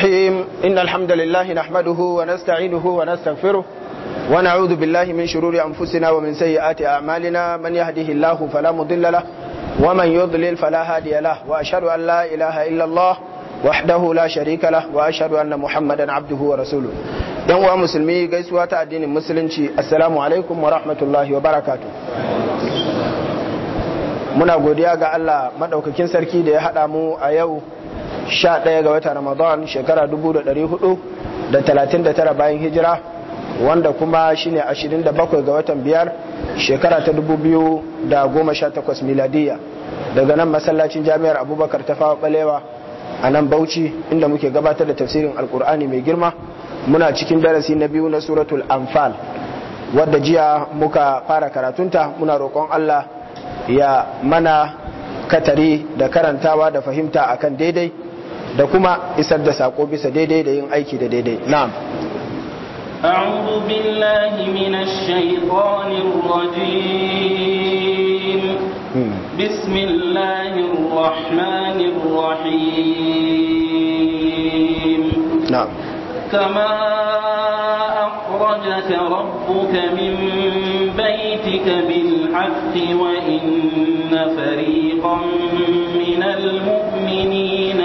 الرحيم إن الحمد لله نحمده ونستعينه ونستغفره ونعوذ بالله من شرور أنفسنا ومن سيئات أعمالنا من يهده الله فلا مضل له ومن يضلل فلا هادي له وأشهد أن لا إله إلا الله وحده لا شريك له وأشهد أن محمدا عبده ورسوله يوم مسلمي قيسوا الدين المسلم السلام عليكم ورحمة الله وبركاته muna godiya ga Allah madaukakin sarki da ya haɗa mu a yau 11 ga watan ramadan shekara tara bayan hijira wanda kuma shine 27 ga watan biyar shekara ta 2018 miladiya daga nan masallacin jami'ar abubakar ta fawa balewa a nan bauchi inda muke gabatar da tafsirin alkur'ani mai girma muna cikin darasi na biyu na suratul amfal wadda jiya muka fara karatunta muna roƙon allah ya mana katari da karantawa da fahimta akan daidai Da kuma isar da saƙo bisa daidai da yin aiki da daidai. Na'am. Abdullahi hmm. min ashe ko ni waje in bismillah ruwman ruwai kamar a min beitika min afti wa ina fari kominal mu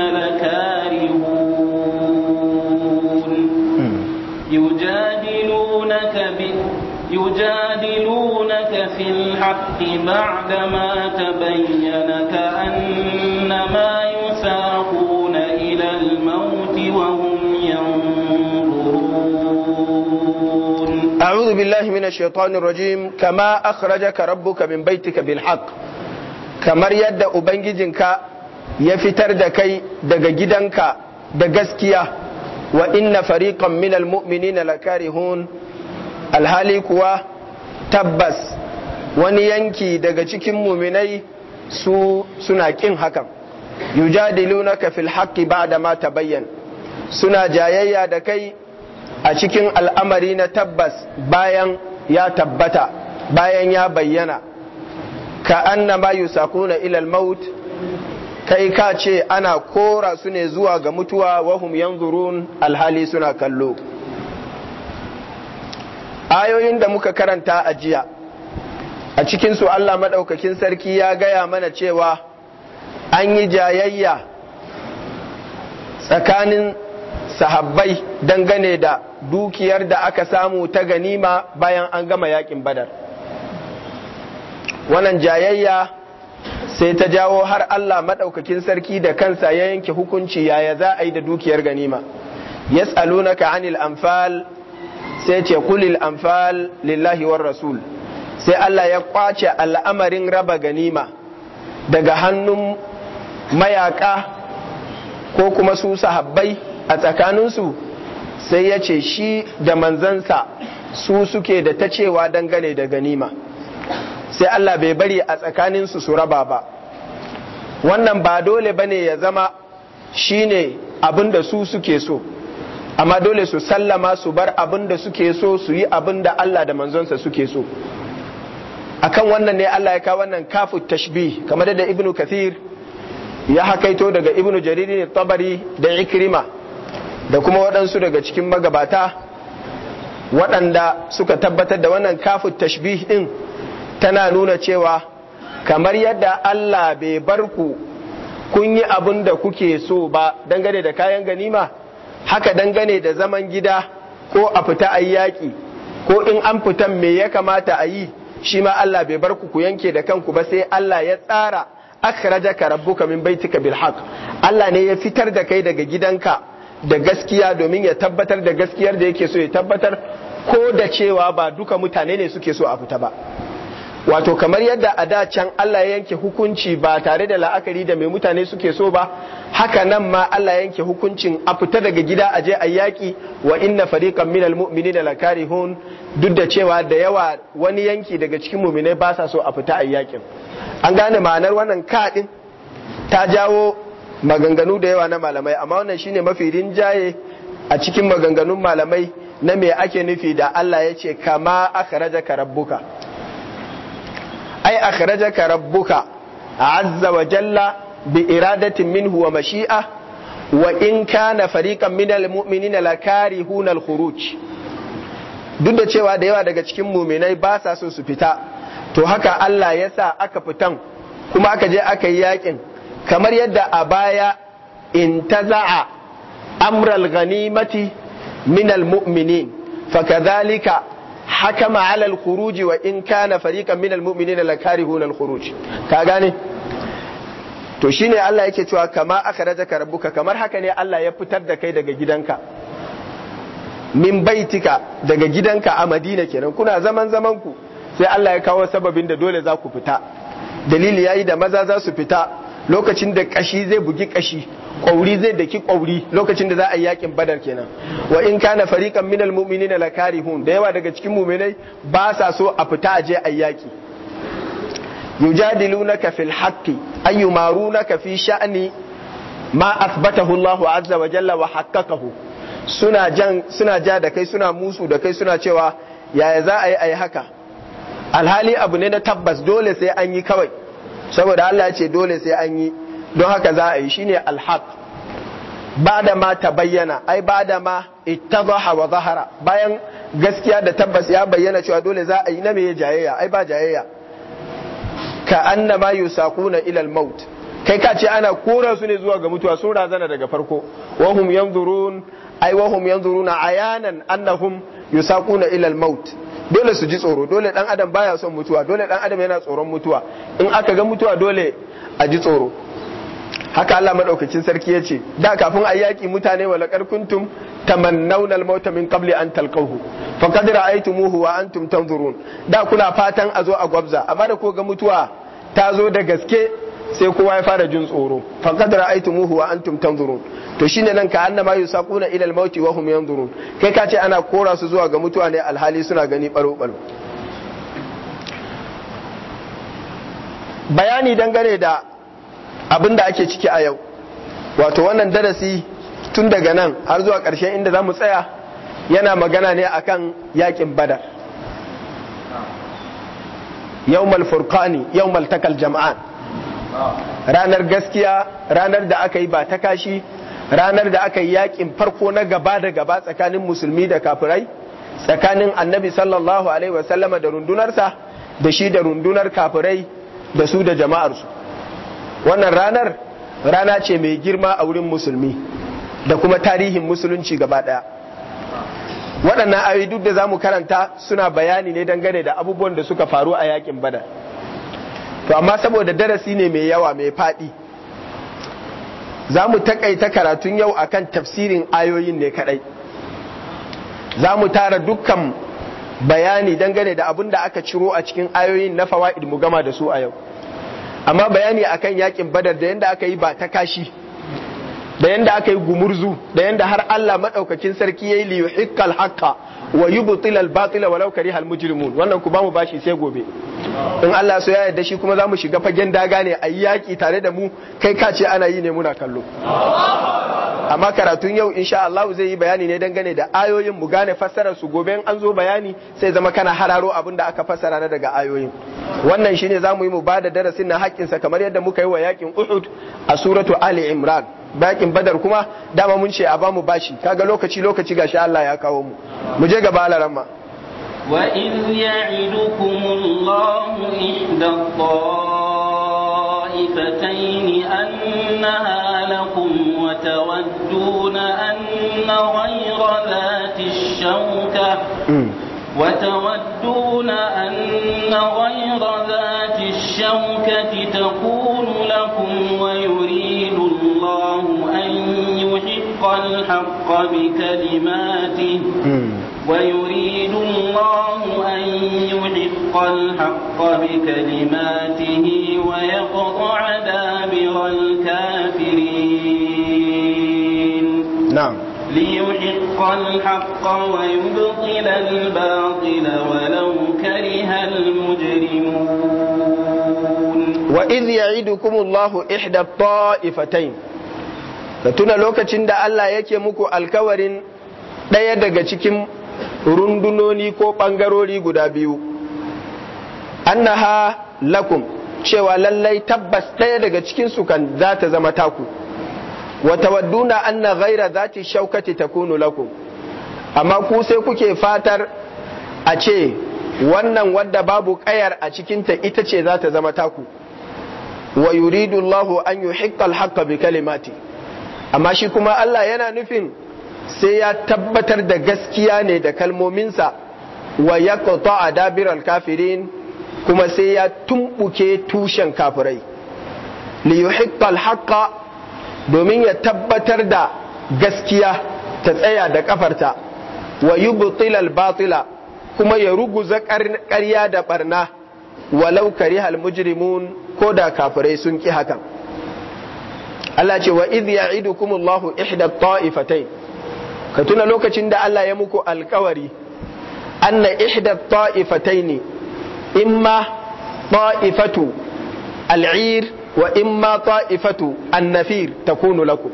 يجادلونك في الحق بعدما تبين كأنما يساقون إلى الموت وهم ينظرون أعوذ بالله من الشيطان الرجيم كما أخرجك ربك من بيتك بالحق كما يد Ubangijinka ya fitar da kai daga gidanka da gaskiya wa inna alhali kuwa tabbas wani yanki daga cikin muminai su suna kin hakan yujadilunaka fil haqqi ba'da ma tabayyan suna jayayya da kai a cikin al'amari na tabbas bayan ya tabbata bayan ya bayyana ka annama yusakuna ila al-maut kai ka ce ana kora su ne zuwa ga mutuwa wahum yanzurun alhali suna kallo ayoyin da muka karanta a jiya a cikinsu Allah maɗaukakin sarki ya gaya mana cewa an yi jayayya tsakanin sahabbai dangane da dukiyar da aka samu ta ganima bayan an gama yakin badar wannan jayayya sai ta jawo har Allah maɗaukakin sarki da kansa ya yanke hukunci yaya za a yi da dukiyar ganima yas'alunaka anil anfal sai ce kulil amfal lillahi war rasul sai Allah ya kwace al'amarin raba ganima daga hannun mayaka ko kuma su sahabbai a tsakaninsu sai ya ce shi da manzansa su suke da ta cewa dangane da ganima sai Allah bai bari a tsakaninsu su raba ba wannan ba dole bane ya zama shine abin da su suke so amma dole su sallama su bar abin da suke so su yi abin da Allah da manzonsa suke so akan wannan ne Allah ya kawo wannan kafu tashbih kamar da ibnu kathir ya hakaito daga ibnu Jariri tabari da ikrima da kuma waɗansu daga cikin magabata waɗanda suka tabbatar da wannan kafu tashbih din tana nuna cewa kamar yadda Allah bai bar ku kun yi abin da kuke so ba dangane da kayan ganima haka dangane da zaman gida ko a fita a yaƙi ko in an fitan me ya kamata a yi shi ma Allah bai bar ku ku yanke da kanku ba sai Allah ya tsara akhrajaka rabbuka min baitika bil haqq Allah ne ya fitar da kai daga gidanka da gaskiya domin ya tabbatar da gaskiyar da yake so ya tabbatar ko da cewa ba duka mutane ne suke so a fita ba wato kamar yadda a da can Allah ya yanke hukunci ba tare da la'akari da mai mutane suke so ba haka nan ma Allah ya yanke hukuncin a fita daga gida a je a yaki wa inna fariqan minal mu'minina lakarihun duk da cewa da yawa wani yanki daga cikin mu'minai ba sa so a fita a yakin an gane ma'anar wannan kaɗin ta jawo maganganu da yawa na malamai amma wannan shine mafi rinjaye a cikin maganganun malamai na me ake nufi da Allah ya ce kama akhrajaka rabbuka ai ka rabbuka azza wa jalla bi iradatin minhu wa mashi'a wa in kana fariqan minal mu'minina duk da cewa da yawa daga cikin muminai ba sa so su fita to haka Allah ya sa aka fitan kuma aka je aka yi yakin kamar yadda a baya in ta za'a amral ganimati minal mu'minin fakadhalika hakama ala al wa in kana fariqan min al-mu'minina lakarihun al ka gane to shine Allah yake cewa kama akhrajaka rabbuka kamar haka ne Allah ya fitar da kai daga gidanka min baitika daga gidanka a Madina kenan kuna zaman zaman ku sai Allah ya kawo sababin da dole za ku fita dalili yayi da maza za su fita lokacin da kashi zai bugi kashi Ƙwauri zai daki kwauri lokacin da za a yi yakin badar kenan wa in kana fariqan minal mu'minina Hun. da yawa daga cikin mu'minai ba sa so a fita a je a yaki yujadilunaka fil haqqi ayyumarunaka fi sha'ani. ma athbatahu Allah azza wa jalla wa haqqaqahu suna suna ja da kai suna musu da kai suna cewa yaya za a yi a yi haka alhali abu ne na tabbas dole sai an yi kawai saboda Allah ya ce dole sai an yi don haka za a yi shi ne alhaq ba da ma ta bayyana ai ba da ma ittadaha wa zahara bayan gaskiya da tabbas ya bayyana cewa dole za a yi na mai jayayya ai ba jayayya ka annama yusaquna sakuna ilal maut kai ka ce ana kora su ne zuwa ga mutuwa sun razana daga farko wahum yanzurun ai wahum yanzuruna ayanan annahum yusaquna ila ilal maut dole su ji tsoro dole dan adam baya son mutuwa dole dan adam yana tsoron mutuwa in aka ga mutuwa dole a ji tsoro haka Allah madaukakin sarki ya ce da kafin a yaki mutane wa laƙar kuntum tamannawna mauta min qabli an talqahu faqad ra'aytumuhu wa antum tanzurun da kuna fatan a zo a gwabza amma da ko ga mutuwa ta zo da gaske sai kowa ya fara jin tsoro faqad ra'aytumuhu wa antum tanzurun to shine nan ka annama yusaquna ila almauti wa hum yanzurun kai ka ce ana kora su zuwa ga mutuwa ne alhali suna gani baro baro bayani dangane da abin da ake ciki a yau wato wannan darasi tun daga nan har zuwa ƙarshen inda za mu tsaya yana magana ne akan yakin badar Yau malfurkani yau takal jama'an ranar gaskiya ranar da aka yi ba ta kashi ranar da aka yi yakin farko na gaba da gaba tsakanin musulmi da kafirai tsakanin annabi sallallahu alaihi wasallama da rundunarsa da shi da rundunar kafirai da su da jama'arsu wannan ranar rana ce mai girma a wurin musulmi da kuma tarihin musulunci gaba ɗaya waɗannan ayoyi duk da za mu karanta suna bayani ne dangane da abubuwan da suka faru a yakin bada to amma saboda darasi ne mai yawa mai faɗi za mu takaita karatun yau akan tafsirin ayoyin ne kaɗai za mu tara dukkan bayani dangane da abin da aka ciro a cikin ayoyin na fawa'id mu gama da su a yau amma bayani akan yakin badar da yanda aka yi ba ta kashi da yanda aka yi gumurzu da yanda har Allah madaukakin sarki yayi liyu yuhiqqal haka wa yi butilal batila walau kari al wannan ku ba mu bashi sai gobe in Allah so ya yarda shi kuma zamu shiga fagen daga ne ayi yaƙi tare da mu kai kace ana yi ne muna kallo amma karatun yau insha Allah zai yi bayani ne dangane da ayoyin mu gane fassarar su gobe in an zo bayani sai zama kana hararo abin da aka fassara na daga ayoyin wannan shine zamu yi mu da darasin na hakkin sa kamar yadda muka yi wa yakin Uhud a suratu Ali Imran bakin Badar kuma dama mun ce a bamu bashi kaga lokaci lokaci gashi Allah ya kawo mu mu je gaba alarama وإذ يعدكم الله إحدى الطائفتين أنها لكم وتودون أن غير ذات الشوكة وتودون أن غير ذات الشوكة تكون لكم ويريد الله أن يحق الحق بكلماته ويريد الله أن يحق الحق بكلماته ويقطع دابر الكافرين نعم ليحق الحق ويبطل الباطل ولو كره المجرمون وإذ يعدكم الله إحدى الطائفتين فتنا tuna lokacin الله يكي yake muku ɗaya daga cikin rundunoni ko ɓangarori guda biyu annaha lakum cewa lallai tabbas ɗaya daga cikinsu kan za ta zama taku wata wadduna anna ghaira za ta shaukati ta kunu lakum amma ku sai kuke fatar a ce wannan wadda babu ƙayar a cikinta ita ce za ta zama taku wa yuridu Allahu an yuhiqqal bi kalimati amma shi kuma Allah yana nufin sai ya tabbatar da gaskiya ne da kalmominsa wa ya a dabiral kafirin kuma sai ya tumbuke tushen kafirai li yuhiqqal domin ya tabbatar da gaskiya ta tsaya da kafarta wa yi butilal batila kuma ya ruguza ƙarya da barna walau kari halmujirimun ko da kafirai sun ki hakan Allah ce wa idh ya'idukumullahu ihda ta'ifatai ka tuna lokacin da Allah ya muku alkawari anna ihda ta'ifataini imma ta'ifatu al'ir wa imma ta'ifatu annafir takunu lakum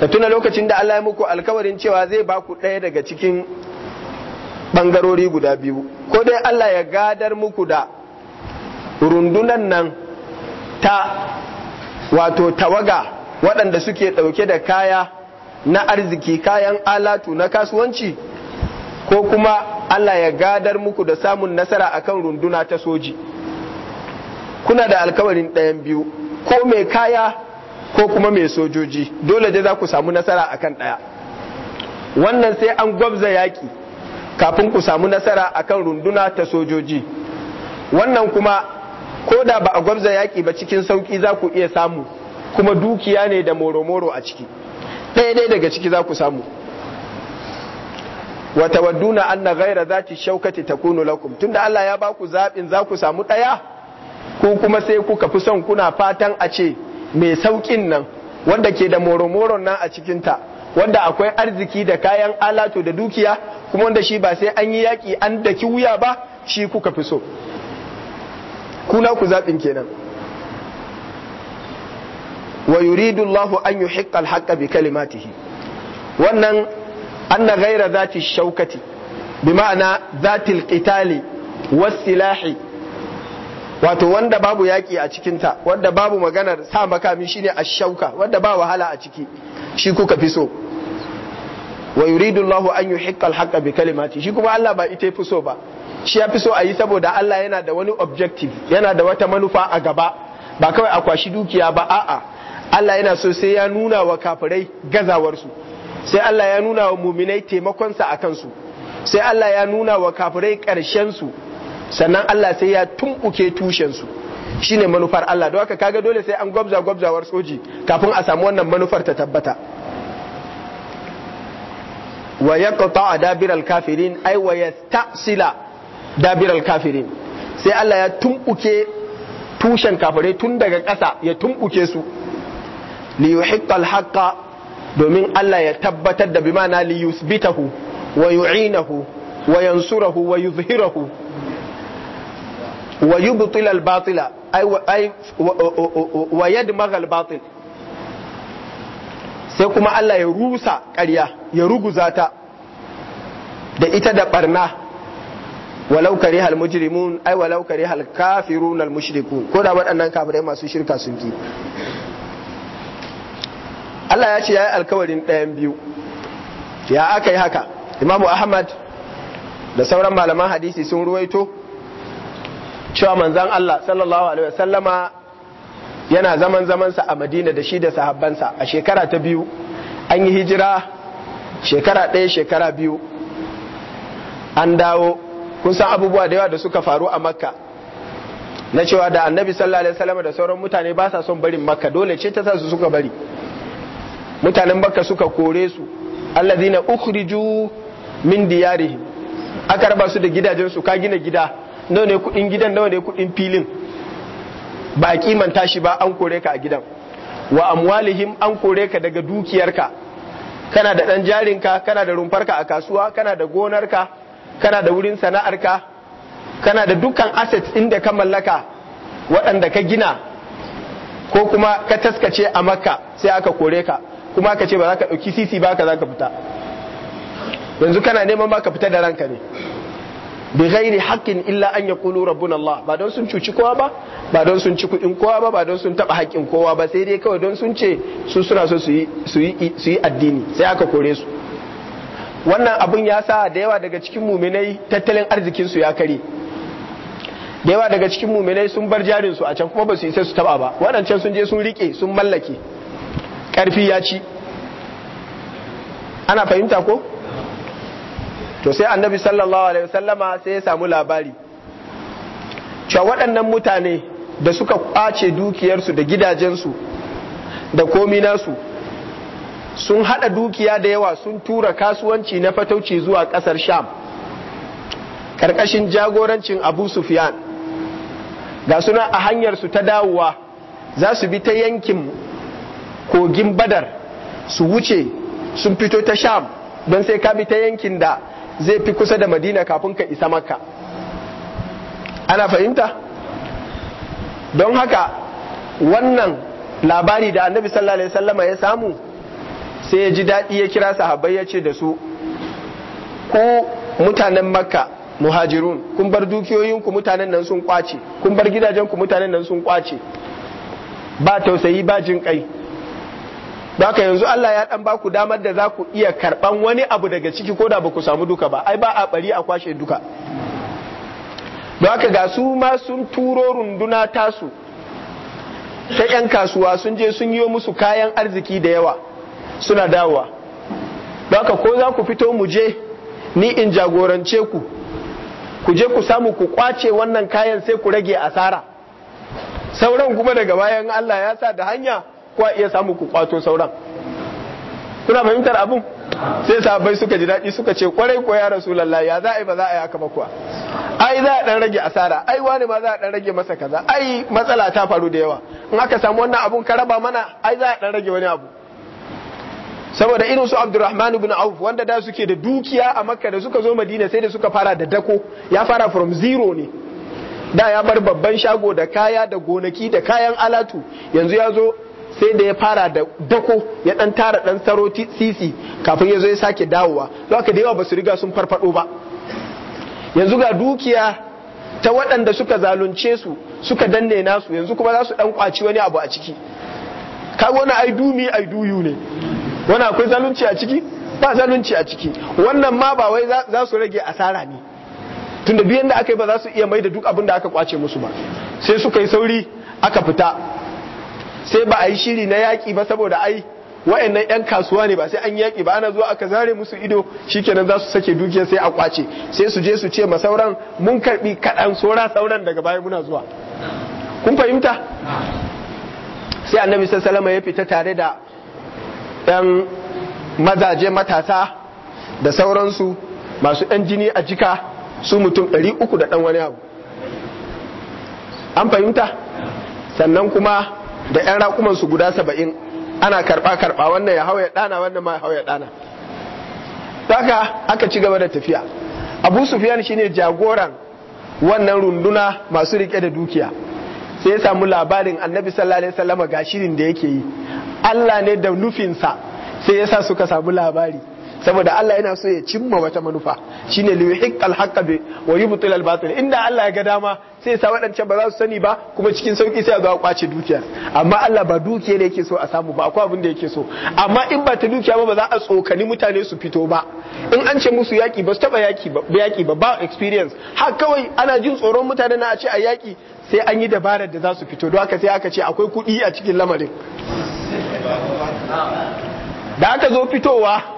ka tuna lokacin da Allah ya muku alkawarin cewa zai ba ku ɗaya daga cikin ɓangarori guda biyu ko dai Allah ya gadar muku da rundunan nan ta wato tawaga waɗanda suke ɗauke da kaya na arziki kayan alatu na kasuwanci ko kuma Allah ya gadar muku da samun nasara akan runduna ta soji kuna da alkawarin ɗayan biyu ko mai kaya ko kuma mai sojoji dole dai za ku samu nasara akan ɗaya wannan sai an gwabza yaƙi kafin ku samu nasara akan runduna ta sojoji wannan kuma ko da ba a gwabza yaƙi ba cikin sauƙi za ku iya samu kuma dukiya ne da moro-moro a ciki ɗaya ɗaya daga ciki za ku samu Wata wadduna an na gaira za ki shaukati kunu lakum tunda Allah ya ba ku zabin za ku samu ɗaya ko kuma sai kuka fi son kuna fatan a ce mai sauƙin nan wanda ke da moro-moron nan a cikinta wanda akwai arziki da kayan alatu da dukiya kuma wanda shi ba sai an yi yaƙi an daki wuya ba shi kuka fi so kuna ku zaɓin kenan wa yuridu Allah an yuhiqqa al-haqqa bi kalimatihi wannan anna ghaira zati shaukati bi ma'ana zati al-qitali was-silahi wato wanda babu yaki a cikinta wanda babu maganar sa makami shine ash-shauka wanda ba wahala a ciki shi kuka fi so wa yuridu Allahu an yuhiqqa al-haqqa bi kalimati shi kuma Allah ba ita fi so ba shi ya fi so a yi saboda Allah yana da wani objective yana da wata manufa a gaba ba kawai a kwashi dukiya ba a'a Allah yana so sai ya nuna wa kafirai gazawarsu sai Allah ya nuna wa muminai taimakonsa a kansu sai Allah ya nuna wa kafirai ƙarshensu sannan Allah sai ya tumɓuke tushensu shine manufar Allah don haka kaga dole sai an gwabza gwabzawar soji kafin a samu wannan manufar ta tabbata wa yaqta dabiral kafirin ay wa yastasila dabiral kafirin sai Allah ya tumɓuke tushen kafirai tun daga ƙasa ya tumɓuke su li yuhiqqal haqqa domin Allah ya tabbatar da bimana li yusbitahu wa yu'inahu wa yansurahu wa yuzhirahu wa yubtila al batila ay wa yadmagha al batil sai kuma Allah ya rusa ƙarya ya ruguza ta da ita da barna walau kare hal mujrimun ay walau kare hal kafirun al mushrikun ko da waɗannan kafirai masu shirka sun ki Allah ya ce ya yi alkawarin ɗayan biyu ya aka yi haka imamu ahmad da sauran malaman hadisi sun ruwaito cewa manzan Allah sallallahu alaihi wasallama yana zaman zamansa a madina da shi da sahabbansa a shekara ta biyu an yi hijira shekara ɗaya shekara biyu an dawo kun san abubuwa da yawa da suka faru a makka na cewa da annabi sallallahu alaihi wasallama da sauran mutane ba sa son barin makka dole ce ta sa su suka bari mutanen baka suka kore su allazina ukhriju min diyarihim aka raba su da gidajen su ka gina gida nawa ne kudin gidan nawa ne kudin filin ba kimanta shi ba an kore ka a gidan wa amwalihim an kore ka daga dukiyarka kana da dan jarinka kana da rumfarka a kasuwa kana da gonarka kana da wurin sana'ar ka. kana da dukkan assets da ka mallaka waɗanda ka gina ko kuma ka taskace a makka sai aka kore ka kuma ka ce ba za ka ɗauki sisi ba ka za ka fita yanzu kana neman ba ka fita da ranka ne bi ghairi haqqin illa an yaqulu rabbuna Allah ba don sun cuci kowa ba ba don sun ci kuɗin kowa ba ba don sun taba haƙƙin kowa ba sai dai kawai don sun ce su suna so su yi addini sai aka kore su wannan abun ya sa da yawa daga cikin muminai tattalin arzikin su ya kare da yawa daga cikin muminai sun bar jarin su a can kuma ba su isa su taba ba waɗancan sun je sun rike sun mallake ƙarfi ya ci ana fahimta ko to sai annabi sallallahu alaihi wasallama sai ya samu labari cewa waɗannan mutane da suka ƙwace dukiyarsu da gidajensu da komi nasu sun haɗa dukiya da yawa sun tura kasuwanci na fatauci zuwa ƙasar sham ƙarƙashin jagorancin abu sufyan ga suna a hanyarsu ta dawowa za su bi ta yankin kogin badar su wuce sun fito ta sham don sai ka bi ta yankin da zai fi kusa da madina kafin ka isa makka ana fahimta don haka wannan labari da annabi sallallahu alaihi wasallama ya samu sai ya ji daɗi ya kira sahabbai ya ce da su ko mutanen makka muhajirun kun bar dukiyoyinku mutanen nan sun kwace kun bar gidajenku mutanen nan sun kwace ba tausayi ba jin kai aka yanzu Allah ya dan baku damar da za ku iya karban wani abu daga ciki ko da ba ku samu duka ba ai ba a bari a kwashe duka Baka ga su ma sun turo runduna tasu ta yan kasuwa sun je sun yi musu kayan arziki da yawa suna dawowa Baka ko za ku fito mu je ni in jagorance ku ku je ku samu ku kwace wannan kayan sai ku rage asara sauran kuma daga bayan Allah ya sa da hanya kwa iya samu ku kwato sauran kuna fahimtar abun sai sahabbai suka ji daɗi suka ce kwarai ko ya lalla ya za a yi ba za a yi haka ba kuwa ai za a dan rage asara ai wani ma za a dan rage masa kaza ai matsala ta faru da yawa in aka samu wannan abun ka raba mana ai za a dan rage wani abu saboda irin su Abdurrahman ibn Auf wanda da suke da dukiya a Makka da suka zo Madina sai da suka fara da dako ya fara from zero ne da ya bar babban shago da kaya da gonaki da kayan alatu yanzu ya zo sai da ya fara da dako ya dan tara dan saro sisi kafin ya zo ya sake dawowa don haka da yawa basu riga sun farfado ba yanzu ga dukiya ta waɗanda suka zalunce su suka danne nasu yanzu kuma za su dan kwaci wani abu a ciki ka wani ai dumi ai duyu ne wani akwai zalunci a ciki ba zalunci a ciki wannan ma ba wai za su rage asara ne tunda biyan da aka yi ba za su iya mai da duk abin da aka kwace musu ba sai suka yi sauri aka fita sai ba a yi shiri na yaƙi ba saboda ai wa'annan 'yan kasuwa ne ba sai an yaƙi ba ana zuwa aka zare musu ido shikenan za su sake dukiya sai a kwace sai su je su ce ma sauran mun karbi kaɗan sora sauran daga baya muna zuwa kun fahimta sai annabi sallama ya fita tare da 'yan mazaje matasa da sauransu masu 'yan jini a jika su mutum 300 da ɗan wani abu an fahimta sannan kuma da yan raƙumansu guda saba'in ana karɓa karɓa wannan ya hau ya ɗana wannan ma ya hau ya ɗana haka aka ci gaba da tafiya abu sufiyan shine jagoran wannan runduna masu riƙe da dukiya sai ya samu labarin annabi sallallahu alaihi wasallam ga shirin da yake yi Allah ne da nufinsa sai ya sa suka samu labari saboda Allah yana so ya cimma wata manufa shine li yuhiqqal haqqa bi wa yubtil al batil inda Allah ya ga dama sai sa waɗancan ba za su sani ba kuma cikin sauki sai a zo a kwace dukiya amma Allah ba dukiya ne yake so a samu ba akwai abin da yake so amma in ba ta dukiya ba ba za a tsokani mutane su fito ba in an ce musu yaki ba su taba yaki ba yaki ba experience har kawai ana jin tsoron mutane na a ce a yaki sai an yi dabarar da za su fito don haka sai aka ce akwai kuɗi a cikin lamarin da aka zo fitowa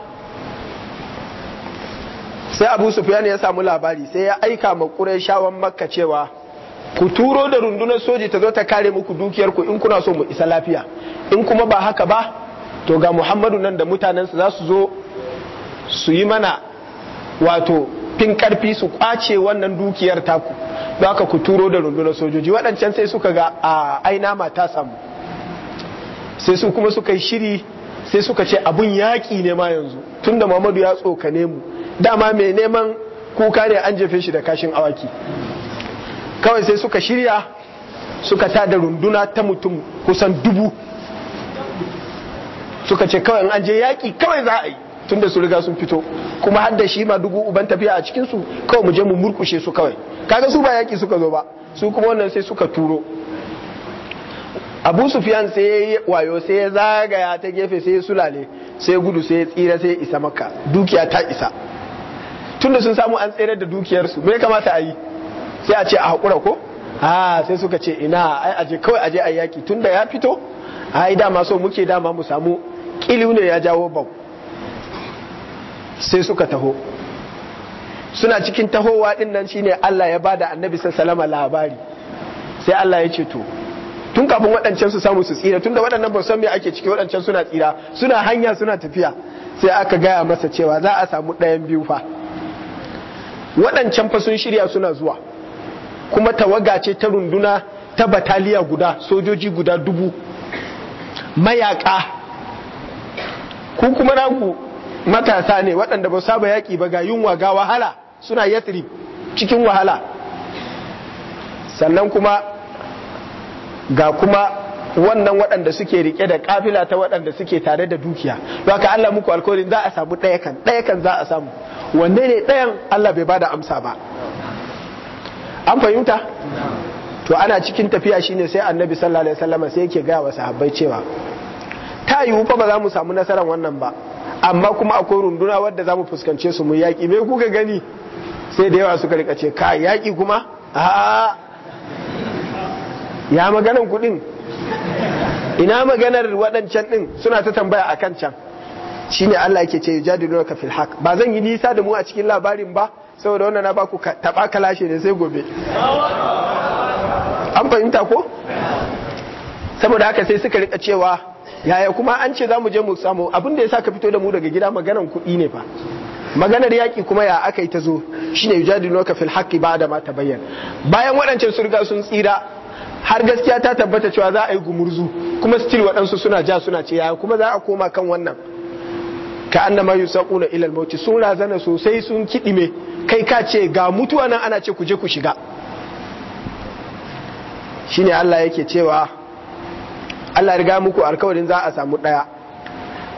sai abu sufyan ya samu labari sai ya aika ma qurayshawan makka cewa ku turo da rundunar soji ta zo ta kare muku dukiyar ku in kuna so mu isa lafiya in kuma ba haka ba to ga muhammadu nan da mutanensa za su zo su yi mana wato fin karfi su kwace wannan dukiyar taku don haka ku turo da rundunar sojoji waɗancan sai suka ga a aina mata samu sai su kuma suka yi shiri sai suka ce abun yaƙi ne ma yanzu tunda muhammadu ya tsokane mu dama mai neman kuka ne an jefe shi da kashin awaki kawai sai suka shirya suka da runduna ta mutum kusan dubu suka ce kawai an je yaƙi kawai za a yi tun da su riga sun fito kuma har da shi ma dubu uban tafiya a cikinsu kawai mu je mu murkushe su kawai kaga su ba yaƙi suka zo ba su kuma wannan sai suka turo abu sufyan sai ya yi wayo sai ya zagaya ta gefe sai ya sulale sai gudu sai ya tsira sai ya isa maka dukiya ta isa tunda sun samu an tsere da dukiyarsu me kamata a yi sai a ce a haƙura ko a sai suka ce ina ai aje kawai aje a yaƙi tunda ya fito a yi dama so muke dama mu samu ƙiliu ne ya jawo bau sai suka taho suna cikin tahowa ɗin nan shine Allah ya bada annabi sallama labari sai Allah ya ce to tun kafin waɗancan su samu su tsira tunda waɗannan ba san me ake ciki waɗancan suna tsira suna hanya suna tafiya sai aka gaya masa cewa za a samu ɗayan biyu fa waɗancan fa sun shirya suna zuwa kuma tawaga ce ta runduna ta bataliya guda sojoji guda dubu mayaka ku kuma nagu matasa ne waɗanda ba saba yaƙi ba ga yunwa ga wahala suna yatri cikin wahala sannan kuma ga kuma wannan waɗanda suke rike da kafila ta waɗanda suke tare da dukiya haka Allah muku alkawarin za a samu ɗaya kan za a samu wanne ne ɗayan Allah bai bada amsa ba an fahimta to ana cikin tafiya shine sai annabi sallallahu alaihi wasallam sai yake gaya wa sahabbai cewa ta yiwu fa ba za mu samu nasarar wannan ba amma kuma akwai runduna wadda za mu fuskance su mu yaƙi me kuka gani sai da yawa suka rika ce ka yaƙi kuma a ya maganar kuɗin ina maganar waɗancan ɗin suna ta tambaya akan can shi ne Allah yake ce yujadilunaka fil haq ba zan yi nisa da mu a cikin labarin ba saboda wannan na baku taba kalashe ne sai gobe an fahimta ko saboda haka sai suka rika cewa yaya kuma an ce za mu je mu samu abin da ya sa ka fito da mu daga gida maganan kuɗi ne fa maganar yaƙi kuma ya aka yi ta zo shine yujadiluka fil ba da ma bayyana. bayan waɗancan sun sun tsira har gaskiya ta tabbata cewa za a yi gumurzu kuma still waɗansu suna ja suna ce yaya kuma za a koma kan wannan ka annama yusaquna na ilal maut sun razana sosai sun kiɗi mai kai ka ce ga mutuwa nan ana ce ku je ku shiga Shi ne Allah yake cewa Allah riga muku alkawarin za a samu ɗaya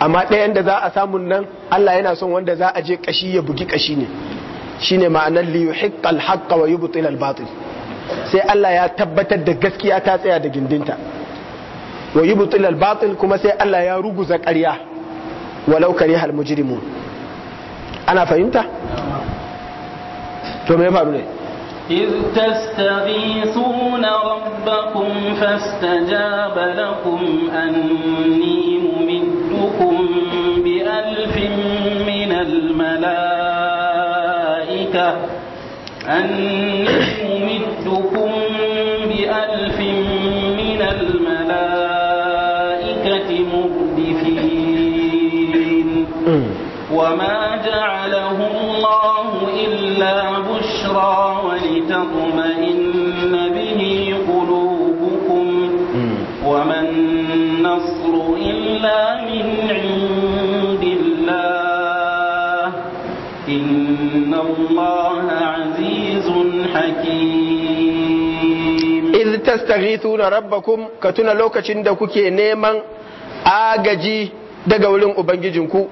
amma ɗayan da za a samun nan Allah yana son wanda za a je ƙashi ya bugi ƙashi ne Shi ne ma'anar liyu hikkal haƙƙa wa yi al sai Allah ya tabbatar da gaskiya ta tsaya da gindinta wa yi al kuma sai Allah ya ruguza ƙarya ولو كره المجرمون أنا فهمت to me faru إذ تستغيثون ربكم فاستجاب لكم أني ممدكم بألف من الملائكة أني ممدكم بألف من الملائكة مردفين Wama taca lahu mahul illa Bushra, Wani ta zama in nabihi ƙulubukum. Waman na tsaro illa min cimbila, Inna Umar, a rabba kum ka tuna lokacin da kuke neman agaji daga wurin ubangijin ku.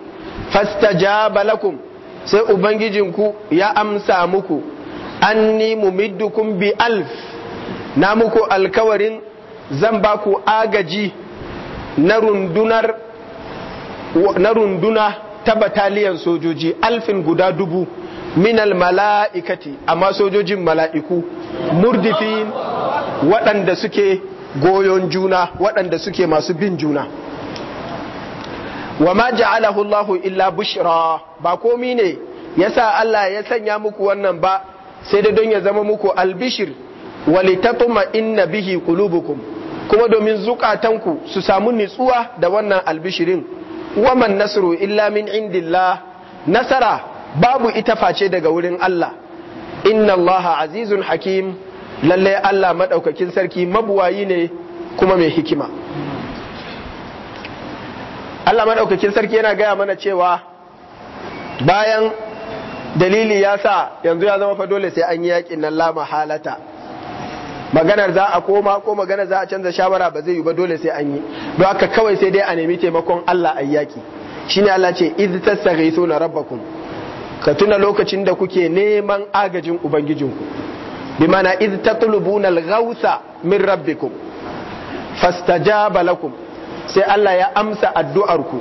fastajaba lakum sai ubangijinku ya amsa muku anni mumiddukum bi alf na muku alkawarin zan ba ku agaji na rundunar runduna ta bataliyan sojoji alfin guda dubu minal mala'ikati amma sojojin mala'iku murdifin waɗanda suke goyon juna waɗanda suke masu bin juna wa ma ja'alahu Allahu illa bushra ba komi ne yasa Allah ya sanya muku wannan ba sai da don ya zama muku albishir wa litatma inna bihi qulubukum kuma domin zukatanku su samu nutsuwa da wannan albishirin wa man nasru illa min indillah nasara babu ita face daga wurin Allah inna Allaha azizun hakim lalle Allah madaukakin sarki mabuwayi ne kuma mai hikima Allah maɗaukakin sarki yana gaya mana cewa bayan dalili ya sa yanzu ya zama fa dole sai an yi yakin nan lama halata maganar za a koma ko maganar za a canza shawara ba zai yi ba dole sai an yi don haka kawai sai dai a nemi taimakon Allah a yaki shine Allah ce iz na rabbakum ka tuna lokacin da kuke neman agajin ubangijinku bi mana iz tatlubuna al min rabbikum fastajaba lakum sai Allah ya amsa addu'arku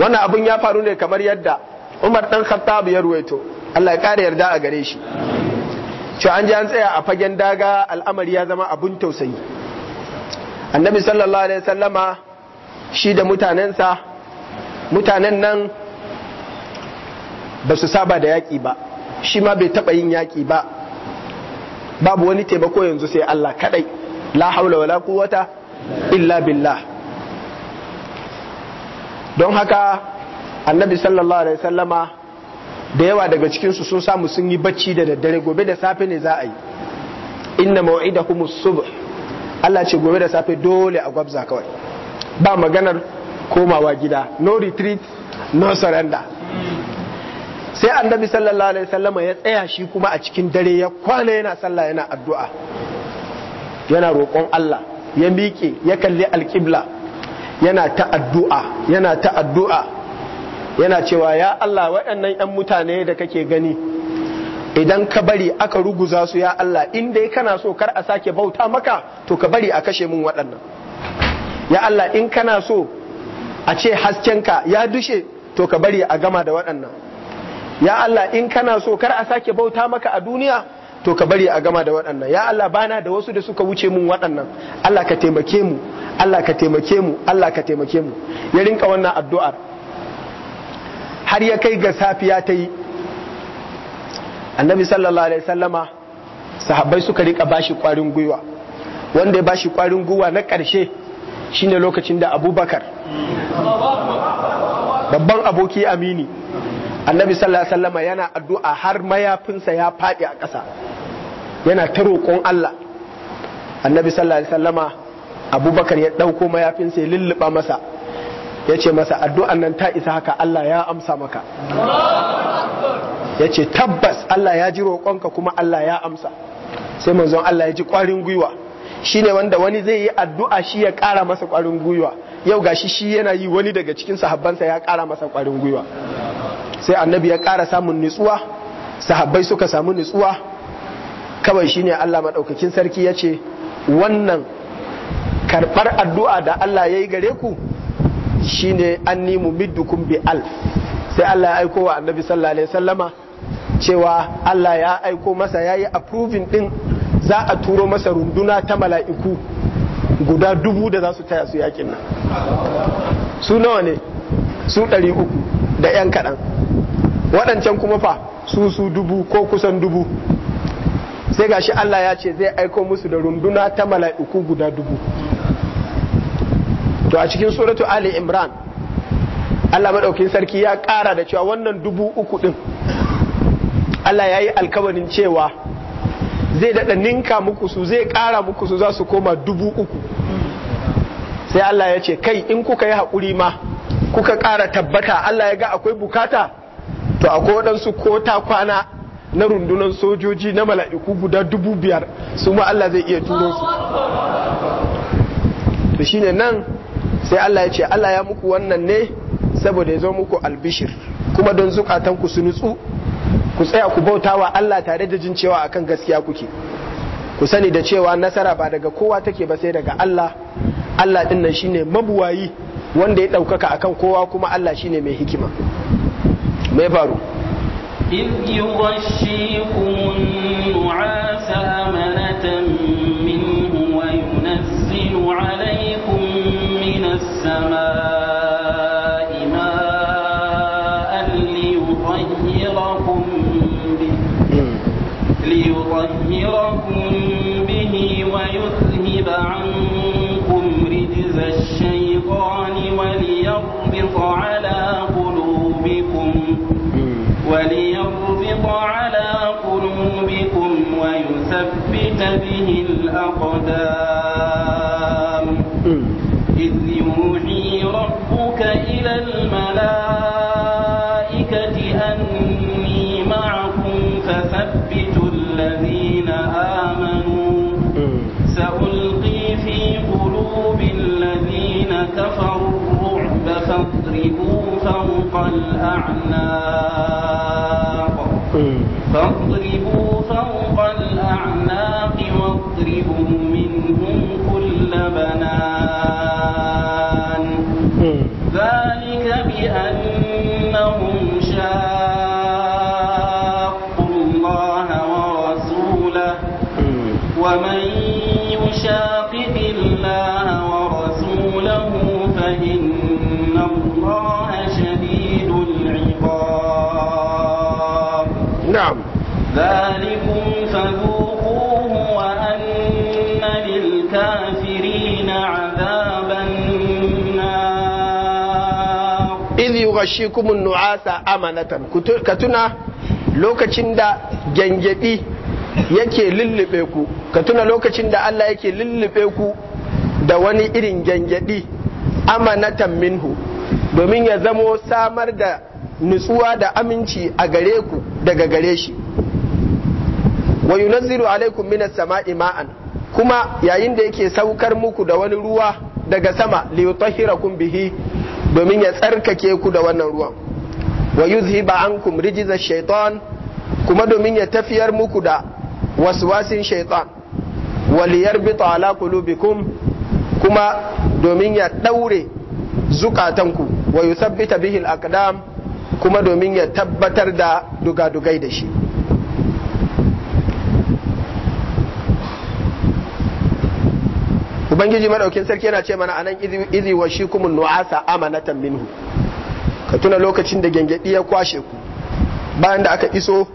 wannan abin ya faru ne kamar yadda Umar ɗan Khattab ya ruwaito Allah ya ƙara yarda a gare shi cewa an ji an tsaya a fagen daga al'amari ya zama abin tausayi annabi sallallahu alaihi sallama shi da mutanensa mutanen nan ba su saba da yaƙi ba shi ma bai taɓa yin yaƙi ba babu wani taimako yanzu sai Allah kaɗai la haula wala quwwata illa billah don haka annabi sallallahu alaihi sallama da yawa daga cikinsu sun samu sun yi bacci da daddare gobe da safe ne za a yi inna mau'idakum subh Allah ce gobe da safe dole a gwabza kawai ba maganar komawa gida no retreat no surrender sai annabi sallallahu alaihi sallama ya tsaya shi kuma a cikin dare ya kwana yana sallah yana addu'a yana roƙon Allah ya miƙe ya kalli alƙibla yana ta addu'a yana ta addu'a yana cewa ya Allah waɗannan 'yan mutane da kake gani idan ka bari aka ruguza su ya Allah in ya kana so kar a sake bauta maka to ka bari a kashe mun waɗannan ya Allah in kana so a ce haskenka ya dushe to ka bari a gama da waɗannan ya Allah in kana so kar a sake bauta maka a duniya to ka bari a gama da waɗannan ya Allah bana da wasu da suka wuce mun waɗannan Allah ka taimake mu Allah ka taimake mu Allah ka taimake mu ya rinka wannan addu'ar har ya kai ga safiya ta yi annabi sallallahu alaihi sallama sahabbai suka rika bashi kwarin gwiwa wanda ya bashi kwarin gwiwa na ƙarshe shine lokacin da abubakar babban aboki amini annabi sallallahu alaihi wasallam yana addu'a har mayafinsa ya faɗi a ƙasa yana ta roƙon Allah annabi sallallahu alaihi wasallam abubakar ya ɗauko mayafinsa ya lulluba masa ya ce masa addu'an nan ta isa haka Allah ya amsa maka ya ce tabbas Allah ya ji roƙonka kuma Allah ya amsa sai manzon Allah ya ji ƙwarin gwiwa shine wanda wani zai yi addu'a shi ya ƙara masa ƙwarin gwiwa yau gashi shi yana yi wani daga cikin sahabbansa ya kara masa kwarin gwiwa sai annabi ya kara samun nutsuwa sahabbai suka samu nutsuwa kawai shine Allah maɗaukakin sarki ya ce wannan karɓar addu'a da Allah ya yi gare ku shine an nimu bi alf sai Allah ya aiko wa annabi sallallahu alaihi sallama cewa Allah ya aiko masa ya yi approving ɗin za a turo masa runduna ta mala'iku guda dubu da za su taya su yakin nan su nawa ne su ɗari uku da 'yan kaɗan waɗancan kuma fa su su dubu ko kusan dubu sai gashi Allah ya ce zai aiko musu da runduna ta mala'iku guda dubu to a cikin suratu Ali Imran Allah maɗaukin sarki ya ƙara da cewa wannan dubu uku ɗin Allah ya yi alkawarin cewa zai daɗa ninka muku su zai ƙara muku su za su koma dubu uku sai Allah ya ce kai in kuka yi haƙuri ma kuka ƙara tabbata Allah ya ga akwai bukata to akwai waɗansu ko ta kwana na rundunar sojoji na mala'iku guda dubu biyar su ma Allah zai iya turo su to shine nan sai Allah ya ce Allah ya muku wannan ne saboda ya zo muku albishir kuma don ku su nutsu ku tsaya ku bauta wa Allah tare da jin cewa akan gaskiya kuke ku sani da cewa nasara ba daga kowa take ba sai daga Allah Allah din nan shine mabuwayi wanda ya ɗaukaka akan kowa kuma Allah shine mai hikima mai faru إذ يغشيكم النعاس أمنة منه وينزل عليكم من hmm. ليطهركم به ويذهب عنكم الأقدام إذ يوحي ربك إلى الملائكة أني معكم فثبتوا الذين آمنوا سألقي في قلوب الذين كفروا الرعب فاضربوا فوق الأعناق فاضربوا فوق منهم كل بنات kumun nu'asa amanatan ka tuna lokacin da gyangyaɗi yake lullube ku ka tuna lokacin da Allah yake lullube ku da wani irin gyangyaɗi amanatan minhu domin ya zamo samar da nutsuwa da aminci a gare ku daga gare shi wa yunazzilu alaikum minas sama'i ma'an kuma yayin da yake saukar muku da wani ruwa daga sama liyutahhirakum bihi domin ya tsarkake ku da wannan ruwan wa yuzhiba ankum rijiza shaitan kuma domin ya tafiyar muku da waswasin shaitan waliyar bita ala qulubikum kuma domin ya daure zukatanku wa yusabbita bihil aqdam kuma domin ya tabbatar da dugadugai da shi ubangiji madaukin sarki yana ce mana anan izi wa shi kuma nu'asa amanatan minhu ka tuna lokacin da gengedi ya kwashe ku bayan da aka iso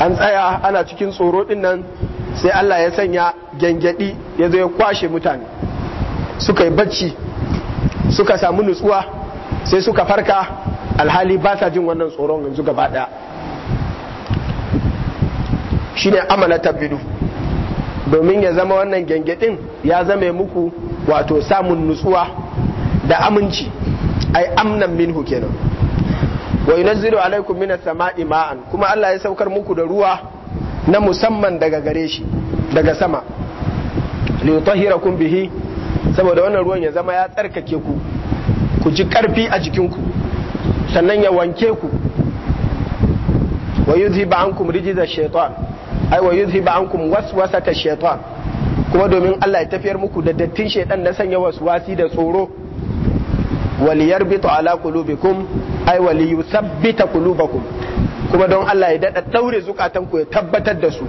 an tsaya ana cikin tsoro din nan sai Allah ya sanya gengedi ya zo ya kwashe mutane suka yi bacci suka samu nutsuwa sai suka farka alhali ba sa jin wannan tsoron yanzu gaba daya shine amanatan minhu domin ya zama wannan gyangyaɗin ya zama muku wato samun nutsuwa da aminci ai amnan minhu kenan wa yunazzilu alaikum minas sama'i ma'an kuma Allah ya saukar muku da ruwa na musamman daga gare shi daga sama yutahhirakum bihi saboda wannan ruwan ya zama ya tsarkake ku ku ji karfi a jikinku sannan ya wanke ku wa yuzhiba ankum rijizash shaitan ai wa yuzhiba ankum waswasata shaitan kuma domin Allah ya tafiyar muku da dattin shaitan na sanya waswasi da tsoro waliyarbitu ala qulubikum ai waliyusabbita qulubakum kuma don Allah ya dada daure zukatan ku ya tabbatar da su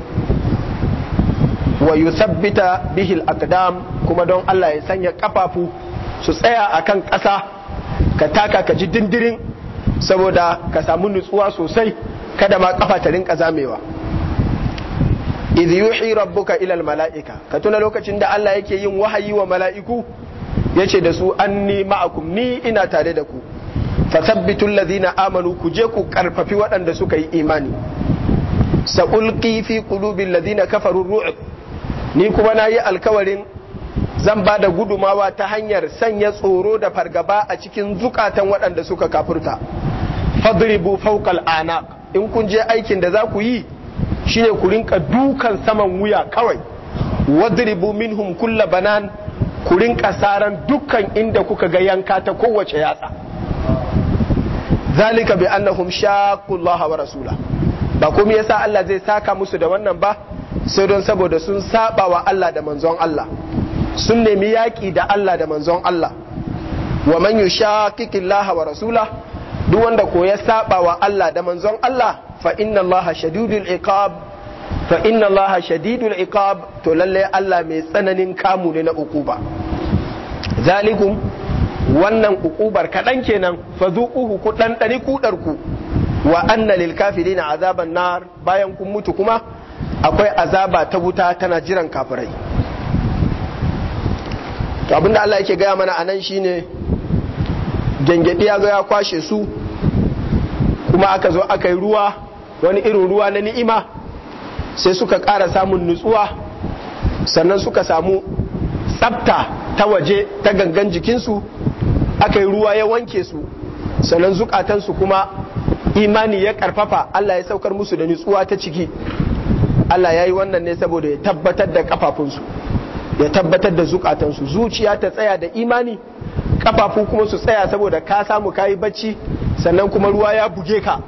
wa yusabbita bihil aqdam kuma don Allah ya sanya kafafu su tsaya akan ƙasa ka taka ka ji dindirin saboda ka samu nutsuwa sosai kada ma kafa ta rinka zamewa idh yuhi rabbuka ilal mala'ika ka tuna lokacin da Allah yake yin wahayi wa mala'iku yace da su anni ma'akum ni ina tare da ku fasabbitul ladina amanu ku je ku karfafi waɗanda suka yi imani sa'ulqi fi qulubil ladina kafaru ru'b ni kuma nayi alkawarin zan ba da gudumawa ta hanyar sanya tsoro da fargaba a cikin zukatan waɗanda suka kafurta fadribu fawqal anaq in kun je aikin da za ku yi shine ku rinka dukan saman wuya kawai wadribu minhum kulla banan ku rinka saran dukkan inda kuka ga yanka ta kowace yatsa zalika bi annahum shaqqu Allah wa rasula ba kuma yasa Allah zai saka musu da wannan ba sai don saboda sun saba wa Allah da manzon Allah sun nemi yaƙi da Allah da manzon Allah wa man yushaqiqi Allah wa rasula duk wanda ko ya saba wa Allah da manzon Allah fa inna Allah shadidul iqab fa inna Allah shadidul iqab to lalle Allah mai tsananin kamu ne na ukuba zalikum wannan ukubar kadan kenan fa zuquhu ku dan dani kudar ku wa anna lil kafirina azaban nar bayan kun mutu kuma akwai azaba ta wuta tana jiran kafirai to abinda Allah yake gaya mana anan shine gengedi ya zo ya kwashe su kuma aka zo aka yi ruwa wani irin ruwa na ni'ima sai suka ƙara samun nutsuwa sannan suka samu tsafta ta waje ta gangan jikinsu aka yi ruwa ya wanke su sannan zukatansu kuma imani ya ƙarfafa. Allah ya saukar musu da nutsuwa ta ciki Allah ya yi wannan ne saboda ya tabbatar da kafafunsu ya tabbatar da zukatansu zuciya ta tsaya da imani kafafu kuma su tsaya saboda ka samu ka yi bacci sannan kuma ruwa ya buge ka